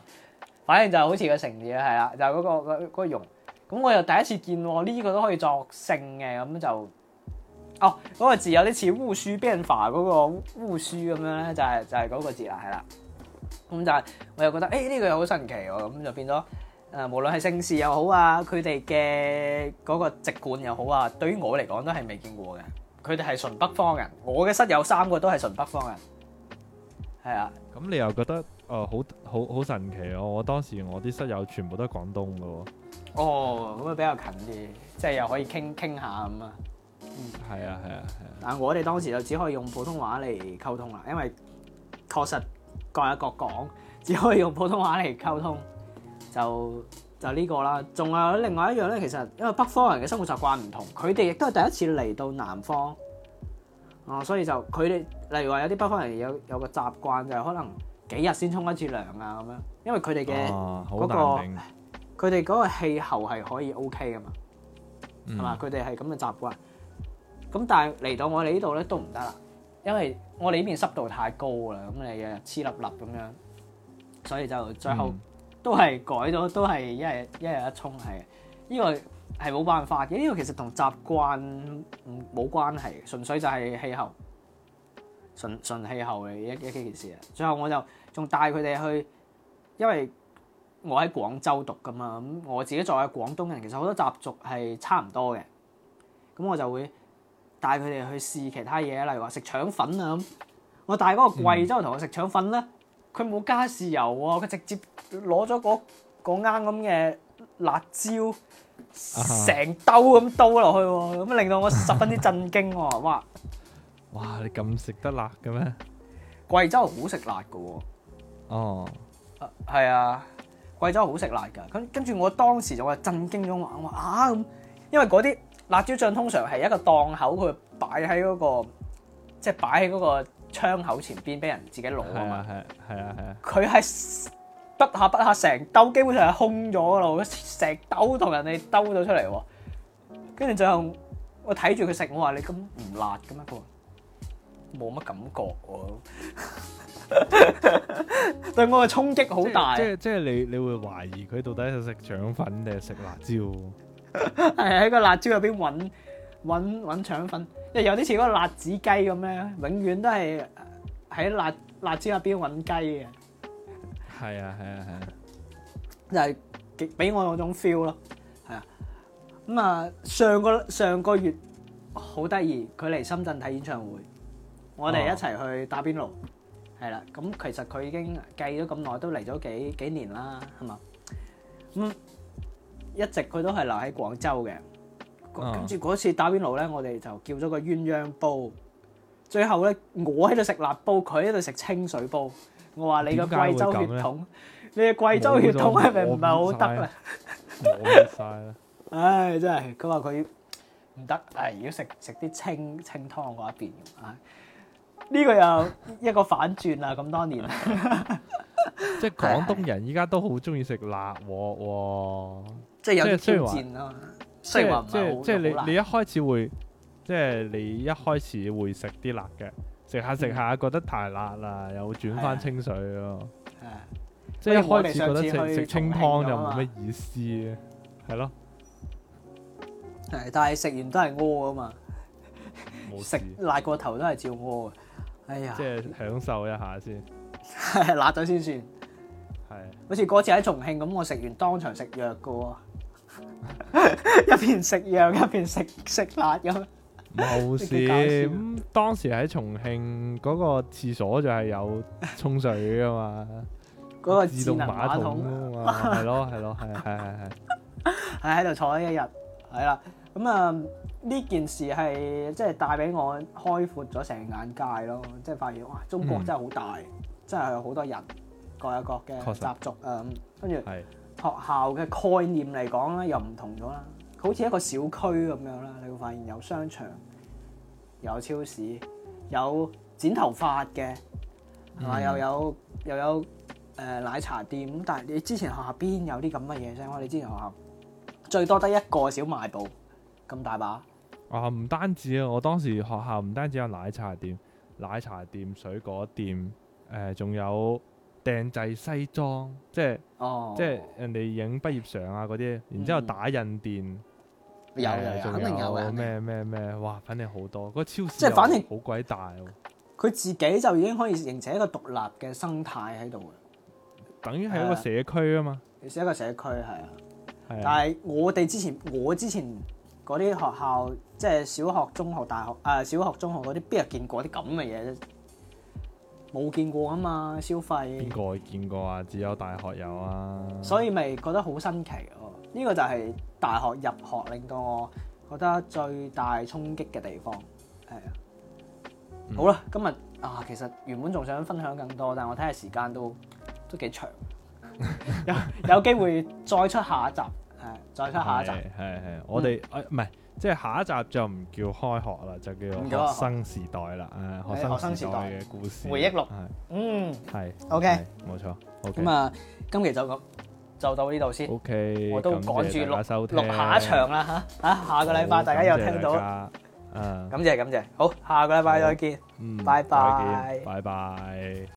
反正就好似個成字係啦，就嗰、是那個嗰嗰、那個、容，咁我又第一次見喎，呢個都可以作姓嘅，咁就哦嗰、那個字有啲似烏書變化嗰個烏書咁樣咧，就係、是、就係、是、嗰個字啦，係啦，咁就係我又覺得誒呢、欸這個又好神奇喎，咁就變咗誒、呃、無論係姓氏又好啊，佢哋嘅嗰個籍貫又好啊，對於我嚟講都係未見過嘅，佢哋係純北方人，我嘅室友三個都係純北方人。係啊，咁你又覺得誒、呃、好好好神奇咯？我當時我啲室友全部都係廣東噶喎，哦，咁啊比較近啲，即係又可以傾傾下咁啊。嗯，係啊係啊係啊。啊但係我哋當時就只可以用普通話嚟溝通啦，因為確實各有各講，只可以用普通話嚟溝通，就就呢個啦。仲有另外一樣咧，其實因為北方人嘅生活習慣唔同，佢哋亦都係第一次嚟到南方。哦，所以就佢哋，例如話有啲北方人有有個習慣就係可能幾日先沖一次涼啊咁樣，因為佢哋嘅嗰個佢哋嗰個氣候係可以 OK 㗎嘛，係嘛？佢哋係咁嘅習慣。咁但係嚟到我哋呢度咧都唔得啦，因為我哋呢邊濕度太高啦，咁你日日黐笠笠咁樣，所以就最後都係改咗，都係一日一日一沖係，呢個。係冇辦法嘅，呢個其實同習慣冇關係，純粹就係氣候，純純氣候嘅一一，一件事啊。最後我就仲帶佢哋去，因為我喺廣州讀噶嘛，咁我自己作為廣東人，其實好多習俗係差唔多嘅。咁我就會帶佢哋去試其他嘢，例如話食腸粉啊咁。我帶嗰個貴州同我食腸粉啦，佢冇加豉油喎，佢直接攞咗嗰啱咁嘅辣椒。成兜咁兜落去，咁啊令到我十分之震驚喎！哇 哇，你咁食得辣嘅咩？貴州好食辣噶，哦、oh. 啊，係啊，貴州好食辣噶。咁跟住我當時就話震驚咗，話我話啊咁，因為嗰啲辣椒醬通常係一個檔口佢擺喺嗰個，即係擺喺嗰個窗口前邊俾人自己攞啊嘛，係係啊係啊，佢係、啊。畢下畢下成兜基本上係空咗嘅咯，成兜同人哋兜咗出嚟喎。跟住最後我睇住佢食，我話你咁唔辣嘅咩？佢話冇乜感覺喎、啊。 對我嘅衝擊好大。即係即係你你會懷疑佢到底係食腸粉定係食辣椒？係喺個辣椒入邊揾揾揾腸粉，即係有啲似嗰個辣子雞咁咧，永遠都係喺辣辣椒入邊揾雞嘅。係啊，係啊，係啊，就係極俾我嗰種 feel 咯，係啊，咁啊，上個上個月好得意，佢嚟深圳睇演唱會，我哋一齊去打邊爐，係啦，咁其實佢已經計咗咁耐，都嚟咗幾幾年啦，係嘛，咁一直佢都係留喺廣州嘅，跟住嗰次打邊爐咧，我哋就叫咗個鴛鴦煲，最後咧我喺度食辣煲，佢喺度食清水煲。我話你個貴州血統，你嘅貴州血統係咪唔係好得咧？我晒啦！唉、 哎，真係佢話佢唔得，唉、哎，要食食啲清清湯嗰一邊。呢、哎這個又一個反轉啦！咁 多年， 即係廣東人依家都好中意食辣喎，即係有挑戰啊！即係即係即係你你一開始會即係你一開始會食啲辣嘅。食下食下覺得太辣啦，又轉翻清水咯。係、啊，啊、即係一開始覺得食食清湯又冇乜意思，係咯、嗯。係、啊，但係食完都係屙噶嘛。冇事。食辣過頭都係照屙，哎呀。即係享受一下先。 辣咗先算。係、啊。好似嗰次喺重慶咁，我食完當場食藥噶喎， 一邊食藥一邊食食辣咁。冇事，咁當時喺重慶嗰個廁所就係有沖水㗎嘛，嗰個自動馬桶，係咯係咯係係係係，係喺度坐咗一日，係啦，咁啊呢件事係即係帶俾我開闊咗成眼界咯，即係發現哇中國真係好大，真係有好多人，各有各嘅習俗啊，跟住學校嘅概念嚟講咧又唔同咗啦。好似一個小區咁樣啦，你會發現有商場、有超市、有剪頭髮嘅，係、啊嗯、又有又有誒、呃、奶茶店，但係你之前學校邊有啲咁嘅嘢啫？我哋之前學校最多得一個小賣部，咁大把啊！唔單止啊，我當時學校唔單止有奶茶店、奶茶店、水果店，誒、呃、仲有訂製西裝，即係、哦、即係人哋影畢業相啊嗰啲，然之後打印店。嗯有嘅，有肯定有嘅。咩咩咩，哇，肯定好多。個超市即係反正好鬼大喎、啊。佢自己就已經可以形成一個獨立嘅生態喺度，等於係一個社區啊嘛。其實、呃、一個社區，係啊。啊但係我哋之前，我之前嗰啲學校，即、就、係、是、小學、中學、大學，誒、啊、小學、中學嗰啲邊有見過啲咁嘅嘢？冇見過啊嘛，消費邊個見過啊？只有大學有啊。所以咪覺得好新奇、啊。呢個就係大學入學令到我覺得最大衝擊嘅地方，係啊。好啦，今日啊，其實原本仲想分享更多，但係我睇下時間都都幾長，有有機會再出下一集，係再出下一集。係係，我哋誒唔係，即係下一集就唔叫開學啦，就叫學生時代啦，誒學生時代嘅故事回憶錄，嗯，係 OK，冇錯，OK。咁啊，今期就咁。就到呢度先，okay, 我都趕住錄錄下一場啦嚇嚇，下個禮拜大家又聽到，嗯，感謝、嗯、感謝感謝，好，下個禮拜再見，嗯，拜拜，拜拜。拜拜。